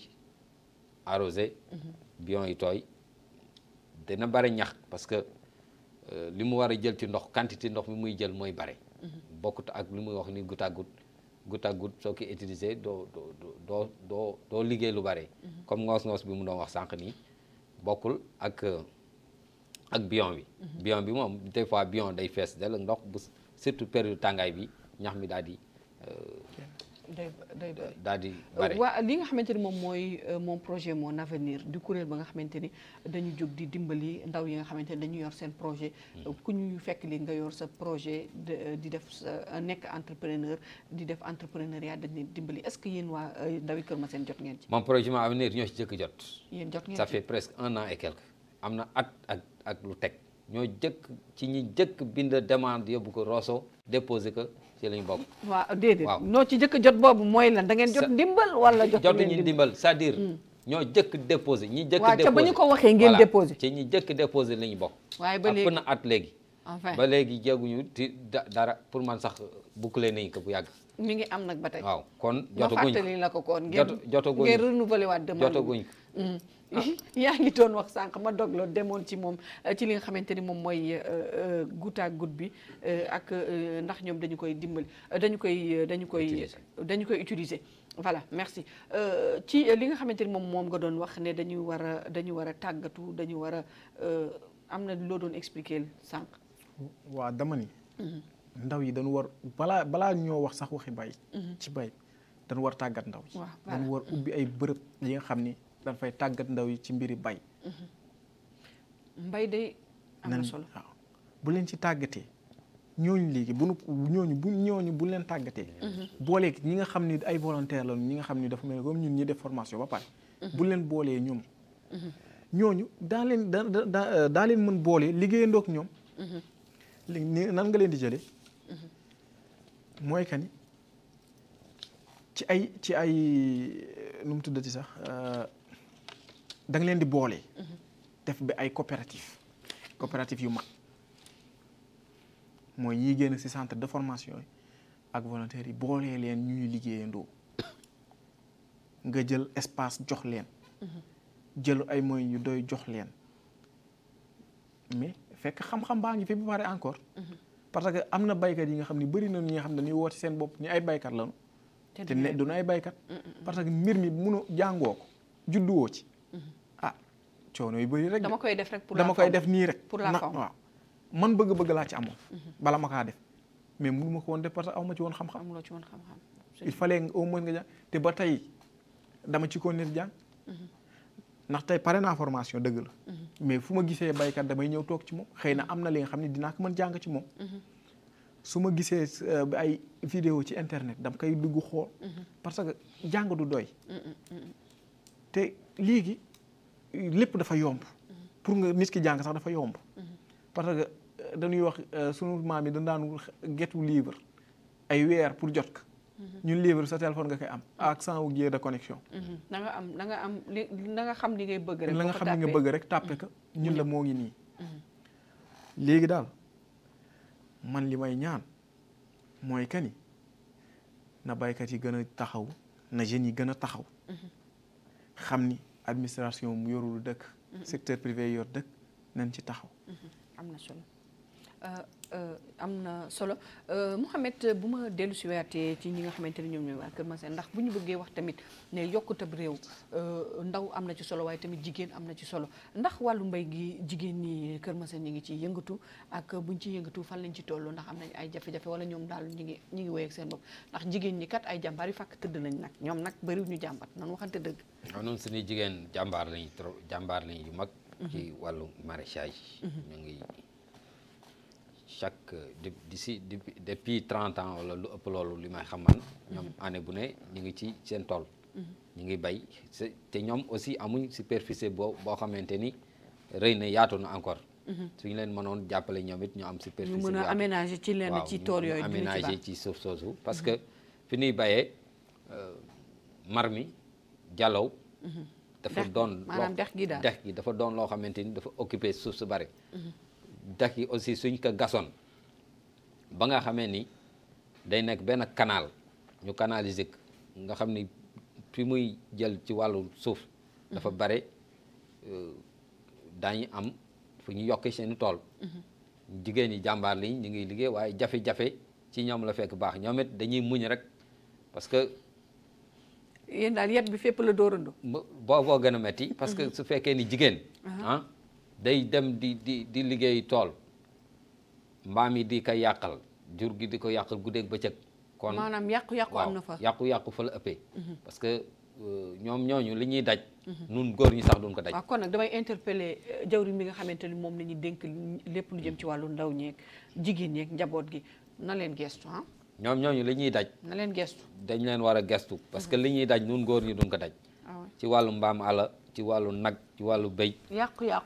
arrosé mhm. bion yi tooy dina bare ñax parce que euh, li mu war a jël ci ndox quantité ndox mi muy jël mooy bare mhm. bokkut ak li muy wax ni goutte à goutte goutte à goutte soo ko utiliser doo doo doo doo doo liggéey lu bare mhm. comme ngoos ngoos bi mu doon wax sànq nii bokkul ak euh, ak bion bi mhm. bion bi moom des fois bion day fees del ndox bu surtout période tàngaay bi ñax mi daal di euh, daal di bare waa li nga xamante ni moom mooy euh, moom projet mon avenir di kuréel ba nga xamante ni dañu jóg di dimbali ndaw yi nga xamante ni dañu yor seen projet hmm. ku ñu fekk li nga yor sa projet euh, di def sa nekk entrepreneur di def entrepreneuriat dañu dimbali est-ce que yéen waa ndawi Kër Maseen jot ngeen ci moom projet mon avenir ñoo ci jëkk jot yéen jot ngeen ça fait presque am na at ak ak lu teg ñoo jëkk ci ñi jëkk bind demande yóbbu ko roso déposé ko ci lañ bokk. waaw déedéet waaw noo ci jëkk jot boobu mooy lan da ngeen jot ndimbal wala jot jotuñu ndimbal c'est-à-dire hmm. ñoo jëkk déposé ñi jëkk déposé waaw ba ñu ko waxee ngeen déposé ci ñi jëkk déposé lañ bokk waaye ba léegi na at léegi ba léegi jéeguñu ti dara pour man sax bouclé nañ ko bu yàgg mi ngi am nag ba tey waaw kon jotaguñ ma la ko kon ngeen jotaguñ ngeen renouvelé waat demande jotaguñ Ah. [LAUGHS] yaa ngi doon wax sànq ma dogloo demoon ci moom euh, ci li nga xamante ni moom mooy euh, euh, goutte à goutte bi ak ndax ñoom dañu koy dimbali dañu koy dañu koy dañu koy utiliser voilà merci ci li nga xamante ni moom moom nga doon wax ne dañuy war a dañu war a tàggatu dañu war a am na loo doon expliquer sànq waa dama ni mhm. ndaw yi dañu war balaa balaa ñoo wax sax waxi bay mhm. ci bay dañu war tàggat ndaw yi dañu war ubbi ay bërëb yi nga xam ni dañ fay tàggat ndaw yi ci mbiri bay. mbay day am na solo waaw bu leen ci tàggatee ñooñu léegi bu nu ñooñu bu ñooñu bu leen tàggatee. Mhm. booleeg ñi nga xam ni ay volontaire la ñi nga xam ni dafa mel ni comme ñun def formation ba pare. Mhm. bu leen boolee ñoom. Mhm. ñooñu daa leen da da daa leen mën boolee liggéeyandoo ak ñoom. léegi nan nga leen di jëlee. mooy que ni ci ay ci ay nu mu tuddati sax. Euh, da leen di boole. Mm-hmm. def bi ay coopérative coopérative yu mag mooy ñiy génn ci centre de formation yi ak volontaires yi boolee leen ñuy liggéeyandoo nga jël espace jox leen. Mm-hmm. jël ay moyens yu doy jox leen mais fekk xam-xam baa ngi fi bu pare encore. Mm-hmm. parce que am na baykat yi nga xam ne bëri na ñi nga xam ne dañuy woote seen bopp ni ay baykat lañu. te ne du ay baykat. parce que mbir mi mënoo jàngoo ko judduwoo ci. coono yu bëri rek. dama koy def rek la dama koy def nii rek. pour man bëgg-bëgg laa ci amoon. Mhm. bala ma kaa def mais mënu ma ko woon def parce que aw ma ci woon xam-xam. il fallait au te ba tey dama ci ko nit jàng. Mhm. ndax tey pare naa formation dëgg la. Mhm. mais fu ma gisee baykat damay ñëw toog ci moom xëy na am na li nga xam ne dinaa ko mën jàng ci moom. su ma gisee euh, ay vidéo ci internet dam koy dugg xool. parce que jàng du doy. Mm, mm, mm, te léegi lépp dafa yomb pour nga nit ki jàng sax dafa yomb parce que euh, dañuy wax euh, sunu maam yi dañ daan getu livre ay weer pour jot ko ñun livre sa téléphone nga koy am ak sans ou guier de am na am li nga xam li ngay bëgg rek. la nga xam li nga bëgg rek tàppe ko ñun la moo ngi nii. léegi daal man li may ñaan mooy kani na baykat yi gën a taxaw na jeunes yi gën a taxaw. Mhm. xam ni administration mu yorul dëkk mm-hmm. secteur privé yor dëkk nañ ci taxaw mm-hmm. am na solo Euh, euh, am na solo euh, Mouhamed bu ma dellu si waatee ci ñi nga xamante ne ñoom ñooy waa Kër Masar ndax bu ñu bëggee wax tamit ne yokkutab réew ndaw am na ci solo waaye tamit jigéen am na ci solo ndax wàllu mbay gi jigéen ñi Kër Masar ñi ngi ci yëngatu ak bu ñu ci yëngatu fan lañ ci toll ndax am nañ ay jafe-jafe wala ñoom daal ñu ngi ñi ngi wéy ak seen bopp ndax jigéen ñi kat ay jàmbaar yu fàkk tëdd nañ nag ñoom nag bëriw ñu jàmbat nan waxante dëgg waaw noonu jigéen jàmbaar lañ trop jàmbaar lañ yu mag mhm. ci wàllu maraîchage mhm. ñu ngi chaque d'ici depuis trente ans wala lu ëpp loolu li may xam ñoom mhm. année bu ne ñu ngi ci seen tool. Mhm. ñu ngi bay te ñoom aussi amuñ superficie boo boo xamante ni rey na yaatu na encore. Mhm. suñu leen mënoon jàppale ñoom it ñu am superficie. ñu mën a aménager ci lenn ci tool yooyu. waaw aménager ci suuf soosu parce que fi ñuy bayee euh, marmi jalaw dafa doon dex gi daal dafa doon loo xamante ni dafa occuper suuf su bari. dak yi aussi suñ ko gasoon ba nga xamee ni day nekk benn canal ñu canaliser nga xam ni fi muy jël ci wàllu suuf dafa mhm. bare euh, daañu am fu ñu yokk seen tool mhm. jigéen ñi jàmbaar liñ ñu ngi liggéey waaye jafe-jafe ci ñoom la fekk baax ñoom dañuy muñ rek parce que yéen daal yet bi fépp la dóorandoo booboo gën a metti parce que mhm. su fekkee ni jigéen day dem di di di liggéey tool mbaam yi di ko yàqal jur gi di ko yàqal ba bëccëg kon maanaam yàqu-yàqu am na fa yàqu-yàqu fa la ëppee mhm. parce que euh, ñoom ñooñu li ñuy daj mhm. nun góor ñi sax duñ ko daj waaw kon nag damay interpellé euh, jawriñ bi nga xamante ni moom la ñuy dénk lépp lu jëm ci wàllu ndaw ñeeg jigéen ñeeg njaboot gi na leen gestu ah. ñoom ñooñu li ñuy daj na leen gestu dañ leen war a gestu parce que mhm. li ñuy daj nun góor ñu duñ ko daj ah ci wàllu mbaam ala ci wàllu nag ci wàllu béy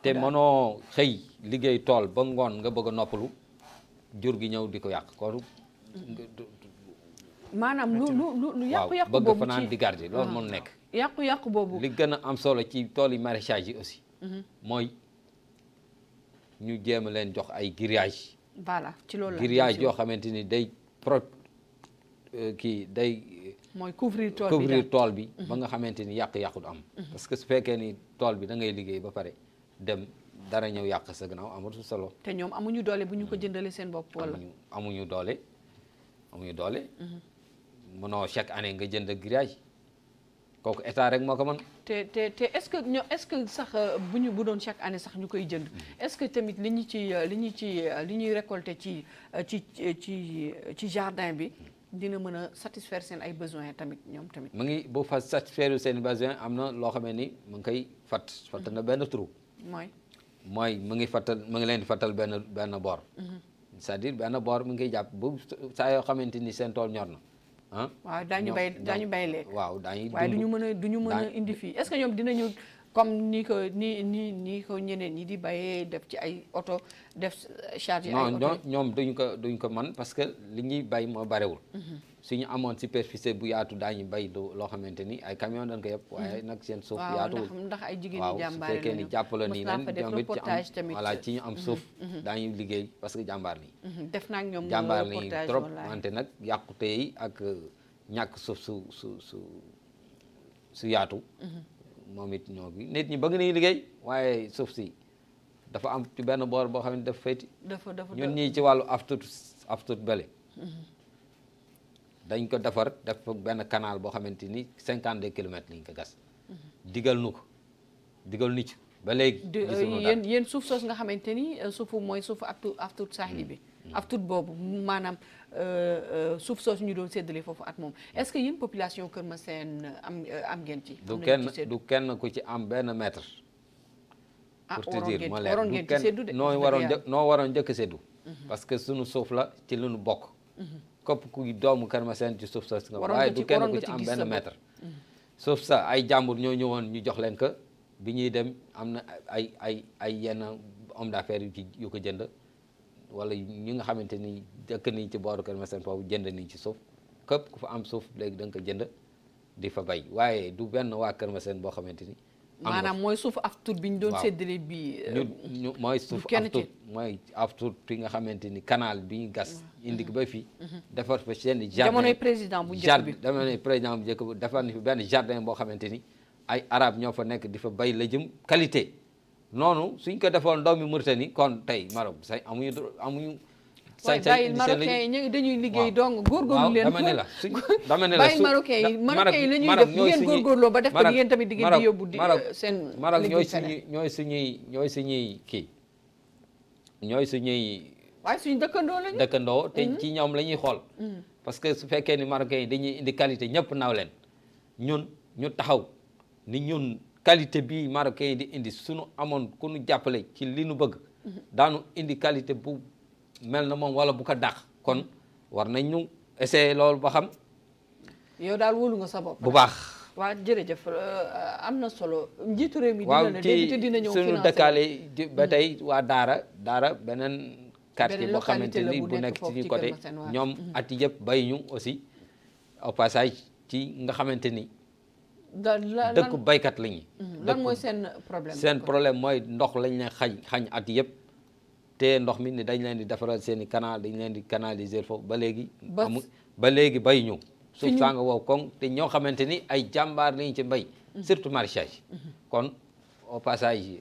te mënoo xëy liggéey tool ba ngoon nga bëgg a noppalu jur gi ñëw di ko yàq kon maanaam lu lu lu yàqu-yàqu boobu di garder loolu mën nekk yàqu-yàqu boobu li gën a am solo ci tool yi maraîchage yi aussi mhm. mooy ñu jéem a leen jox ay grillage voilà ci loolu yoo xamante ni day pro euh, kii day mooy couvrir tool bi tool bi mhm. ba nga xamante ni yàq-yàq du am. parce que su fekkee ni tool bi da ngay liggéey ba pare dem dara ñëw yàq sa gannaaw amatu solo. te ñoom amuñu doole bu ñu ko mhm. jëndalee seen bopp wala. amuñu doole amuñu doole. mënoo mhm. chaque année nga jënd grillage kooku état rek moo ko mën. te te te est-ce que ñoo est-ce que sax euh, bu ñu bu doon chaque année sax ñu koy jënd. est-ce que tamit li ñu ci euh, li ñu ci euh, li ñuy récolter ci ci ci ci jardin bi. dina mën a satisfaire seen ay besoins tamit ñoom tamit. mu ngi boo fa satisfaire seen besoin am na loo xamee ni mu ngi koy fat fatt na benn trou. mooy mu ngi fattal mu ngi leen di fattal benn benn boor. Mhm. c'est-à-dire benn boor mu ngi koy jàpp bu saa yoo xamante ni seen tool ñor na. ah waaw daañu bay daañu bay lekk. waaw daañu waaye a du ñu mën a indi fii est-ce dinañu. comme nii ko ni ni ni ko ñeneen ñi di bayee def ci ay oto def chargé ay oto non ñoom duñ ko duñ ko man parce que li ñuy bay moo barewul mhm. su ñu amoon superficie bu yaatu daañu bay du loo xamante ni ay camion dañ ko yëpp mhm. waaye nag seen suuf yaatuwul ndax ay jigéen ñi jàmbaar waaw su fekkee ni jàppale nii leen ñoom it ci am voilà ci ñu am mhm, suuf daañu parce que jàmbaar nii def naa ñoom jàmbaar nii trop wante nag yàqute yi ak ñàkk suuf su su su su yaatu moom it ñoo ngi nit ñi bëgg nañu liggéey waaye suuf si dafa am ci benn boor boo xam ne dafa feyti dafa dafa ñun ñii ci wàllu aftut aftut bële ko defar def benn kanaal boo xamante ni cinquante deux kilomètres lañ ko gas digal nu ko digal nu ci ba léegi euh, yéen yéen suuf soos nga xamante ni euh, suufu mooy suufu aftut aftut saaxili bi af tut boobu maanaam euh, euh, suuf soosu ñu doon séddale foofu at moom est-ce que yéen population Kër Maseen am euh, am ngeen ci. du kenn du kenn ku ci am benn mètre. Ah, pour te dire ma du noo waroon noo waroon njëkk séddu. Mhm. parce que sunu suuf la ci lu bokk. Mhm. képp ku doomu Kër Maseen ci suuf nga. waaye du kenn ku ci am benn mètre. Mhm. suuf sa ay jàmbur ñoo ñëwoon ñu jox leen ko bi ñuy dem am na ay ay ay yenn homme d'affaires yu ci yu ko jënd. wala ñi nga xamante ni dëkk niñ ci booru Kër Masar foofu jënd niñ ci suuf képp ku fa am suuf léegi da nga ko jënd di fa bay waaye du benn waa Kër Masar boo xamante ni. maanaam mooy suuf af tur bi ñu doon séddale bi ñu ñu mooy suuf af tur mooy af tur bi nga xamante ni canal bi ñu gas indi ko ba fii mhm. Mhm. defar fa seen jardin jamonoy bu njëkk bi jamonoy président bu njëkk bi defar na fi benn jardin boo xamante ni ay arab ñoo fa nekk di fa bay lëjum qualité noonu suñ ko defoon doomi Mauritanie kon tey Maroc sañ amuñu amuñu. sañ sañ di Marocain yi dañuy liggéey dong góorgóorlu leen. dama ne la [LAUGHS] suñ dama ne la su Marocain yi Marocain yi la ñuy def ngeen góorgóorloo ba def ko ngeen tamit di ngeen di yóbbu di euh, seen. Maroc ñooy suñuy ñooy suñuy ñooy suñuy kii ñooy suñuy. waaye suñu dëkkandoo lañu. dëkkandoo te mhm. ci ñoom la ñuy xool. Mhm. parce que su fekkee ni Marocain yi dañuy indi qualité ñëpp naw leen ñun ñu taxaw ni ñun. qualité bi Marocains yi di indi suñu amoon ku nu jàppale ci li nu bëgg mhm. daanu indi qualité bu mel na moom wala bu ko dàq kon war na ñu essayer loolu ba xam yow daal wóolu nga sa bu baax waaw jërëjëf euh, am na solo njiitu réew mi waaw ci dëkkaale ba mhm. tey waa daara daara beneen quartier boo xamante ni bu nekk ci ñu côté ñoom mhm. at yëpp bay ñu aussi au passage ci nga xamante ni dëkk baykat la ñuy mm, lan mooy seen problème seen problème mooy ndox lañ leen xañ xañ at yëpp te ndox mi ni dañ leen di defaral seeni i canal dañ leen di canaliser foofu ba léegi amul ba léegi bay ñu suuf saa nga wow koŋ te ñoo xamante ni ay jàmbaar lañu ci mbay mm-hmm. surtout maraîchage mm-hmm. kon au passage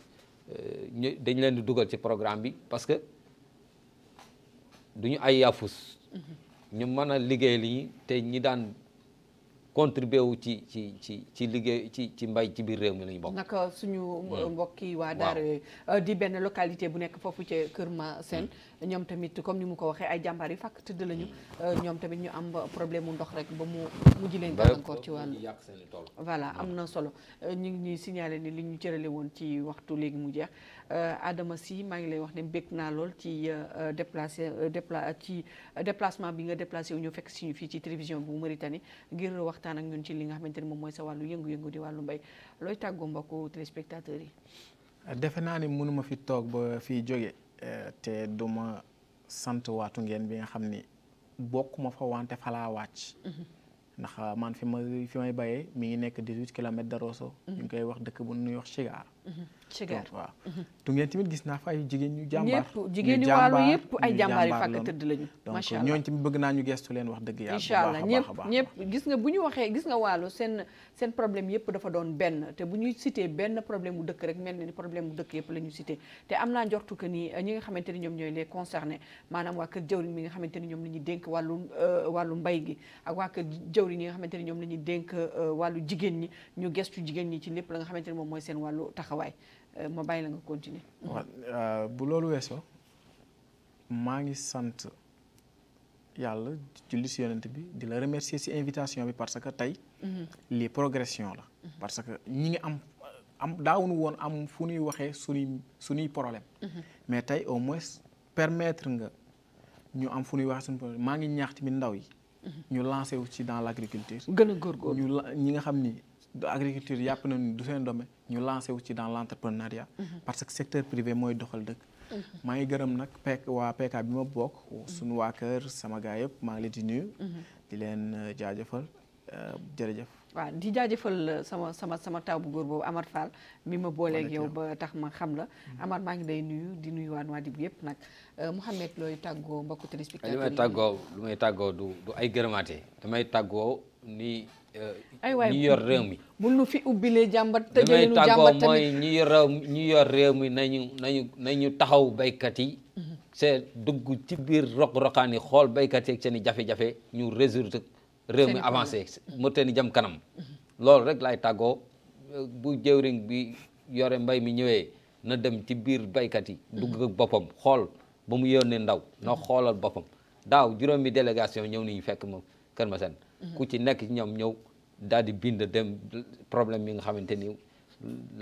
euh, ñu dañ leen di dugal ci programme bi parce que du ñu ay yaafus mm-hmm. ñu mën a liggéey li te ñi daan contribué wu ci ci ci ci liggéey ci ci mbay ci biir réew mi la ñu bokk. naka suñu mm. mbokk yi waa Daara yooyu di benn localité bu nekk foofu ci Kër seen ñoom tamit comme ni mu ko waxee ay jàmbaar yi fàkk tëdd lañu euh, ñoom tamit ñu am problème mu ndox rek ba mu mu ji leen gàllankoor ci wàllu voilà am na solo euh, ñu ngi ñuy signalé ni li ñu cërale woon ci waxtu léegi mu jeex euh, Adama Sy maa ngi lay wax ne bég naa lool ci déplacé dépla ci déplacement bi nga déplacé wu ñu fekk si ñu fii ci télévision bu Mauritanie ngir waxtaan ak ñun ci li nga xamante ni moom mooy sa wàllu yëngu-yëngu di wàllu mbay looy tàggoo mbokku téléspectateurs yi defe naa ne mënuma fi toog ba fii jóge Eh, te duma sant waatu ngeen bi nga xam ni bokk ma fa wante falaa wàcc mhm. ndax man fi ma fi may bayee mi ngi nekk 18 kilomètres de Rosso mhm. ñu ngi koy wax dëkk bu nuy wax Chigar Cheikh waaw. tu ngeen tamit gis naa fa ay jigéen ñu jàmbaar. ñëpp jigéen ñi wàllu yëpp ay jàmbaar yu fàkk tëdd lañu. macha allah donc ñooñu bëgg naa ñu gestu leen wax dëgg yàlla. incha allah ñëpp ñëpp nga bu ñu waxee gis nga wàllu seen seen problème yëpp dafa doon benn te bu ñuy sitee benn problème mu dëkk rek mel na ni problème mu dëkk yëpp la ñu cité te am naa njortu que ni euh, ñi nga xamante ni ñoom ñooy les concernés maanaam waa kër jawriñ mi nga xamante ni ñoom la ñuy dénk wàllu euh, wàllu mbay gi ak waa kër jawriñ yi nga xamante ni ñoom la ñuy dénk euh, wàllu ñi ñu gestu jigéen ñi ci lépp la nga xamante ni moom mooy seen wàllu tax taxawaay euh, ma bàyyi la nga continuer. Euh, bu loolu weesoo maa ngi sant yàlla julli si yonent bi di la remercier si invitation bi parce que tey. Mhm. lii progression la. Mhm. parce que ñi ngi am am daawuñu woon am fu ñuy waxee suñuy suñuy problème. Mhm. mais tey au moins permettre nga ñu am fu ñuy waxee suñu problème maa ngi ñaax tamit ndaw yi. ñu lancé wu ci dans l' agriculture. gën a góorgóorlu ñi nga xam ni agriculture yàpp nañu du seen domaine. ñu lancé wu ci dans l' entrepreneuriat. Mhm. parce que secteur privé mooy doxal dëkk. Mhm. maa ngi gërëm nag PEK waa PK bi ma bokk. suñu waa kër sama gaa yëpp maa ngi leen di nuyu. Mhm. di leen euh, jaajëfal euh, jërëjëf. waaw di jaajëfal euh, sama sama sama taw bu góor boobu Amar Fall mi ma booleeg yow ba tax ma xam la Amar maa ngi lay nuyu di nuyu waa Nouadhibou bi yëpp nag looy tàggoo mbokku téléspectateur yi. li may tàggoo lu may tàggoo du du ay gërëmaate damay tàggoo Euh, ay waay yor réew mi mun nu fi ubbilee jàmbat tëjee nu jàmbat tamit mooy ñi yor yor réew mi nañu nañu nañu taxaw baykat yi c'est mhm. dugg ci biir roq-roqaan xool baykat yeeg seen i jafe-jafe ñu résoudre réew mi avancé mu te ni jëm kanam mhm. loolu rek laay tàggoo bu jëwriñ bi yore mbay mi ñëwee na dem ci biir baykat yi mhm. dugg ak boppam xool ba mu yónnee ndaw na xoolal boppam daaw juróomi délégation ñëw nañu fekk ma Kër Masène ku ci nekk ci ñoom ñëw daal di bind dem problème yi nga xamante ni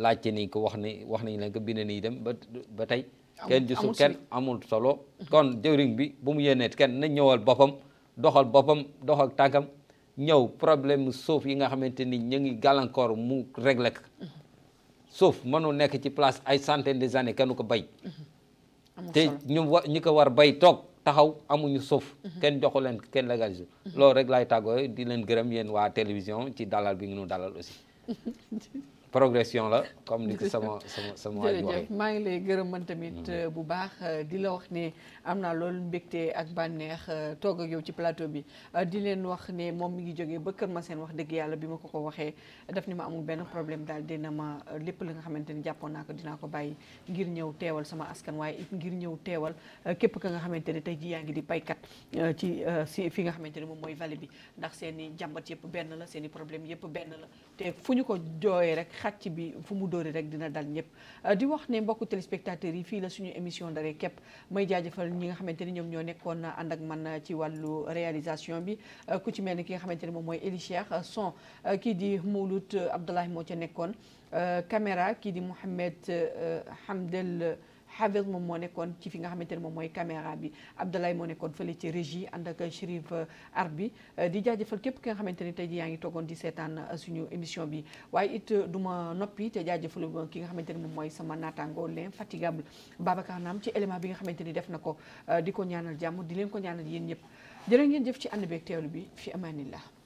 laajte nañ ko wax ni wax nañ leen ko bind nii dem ba ba tey kenn gisul kenn amul solo kon jëwriñ bi bu mu yéeneet kenn na ñëwal boppam doxal boppam doxal tànkam ñëw problème suuf yi nga xamante ni ñu ngi gàllankoor mu réglé ko suuf mënu nekk ci place ay centaine des années kenn ko bay te ñu wa ko war bay toog taxaw amuñu suuf. Mhm. kenn joxu leen kenn légalisé mhm. loolu rek laay tàggoo di leen gërëm yéen waa télévision ci dalal bi ñu dalal aussi [LAUGHS] progression la comme ni ko [LAUGHS] sama sama sama. jërëjëf maa ngi lay gërëm man tamit mhm. euh, bu baax euh, di la wax ne. am naa loolu mbégte ak bànneex euh, toog ak yow ci plateau bi euh, di leen wax ne moom mi ngi jógee ba Kër seen wax dëgg yàlla bi ma ko ko waxee daf ni ma amul benn problème daal dina ma euh, lépp la nga xamante ni jàppoon naa ko dinaa ko bàyyi ngir ñëw teewal sama askan waaye it ngir ñëw teewal képp ka nga xamante ne tey ji yaa ngi di baykat ci si fi nga xamante ne moom mooy vale bi ndax seen i jàmbat yëpp benn la seeni problème yëpp benn la te fu ñu ko jooyee rek xàcc bi fu mu dóoree rek dina dal ñëpp di wax ne mbokku téléspectateurs yi fii la suñu émission daree képp ñi nga xamante ni ñoom ñoo nekkoon ànd ak man ci wàllu réalisation bi euh, ku ci mel ni ki nga xamante ni moom mooy Eli Cheikh euh, son euh, kii di Mouloud Abdoulaye moo ca nekkoon caméra kii di Mouhamed Hamdel Havel moom moo nekkoon ci fi nga xamante ne moom mooy caméra bi Abdoulaye moo nekkoon fële ci régie ànd ak Chérif euh, bi euh, di jaajëfal képp ki nga xamante ne tey jii yaa ngi toogoon di seetaan euh, suñu émission bi waaye it du ma noppi te jaajëfal ki nga xamante ne moom mooy sama naataango l'infatigable Babacar Naam ci élément bi nga xamante ni def na ko di ko ñaanal jàmm di leen ko ñaanal yéen ñëpp jërë ngeen jëf ci ànd beeg teewlu bi fi amaanillah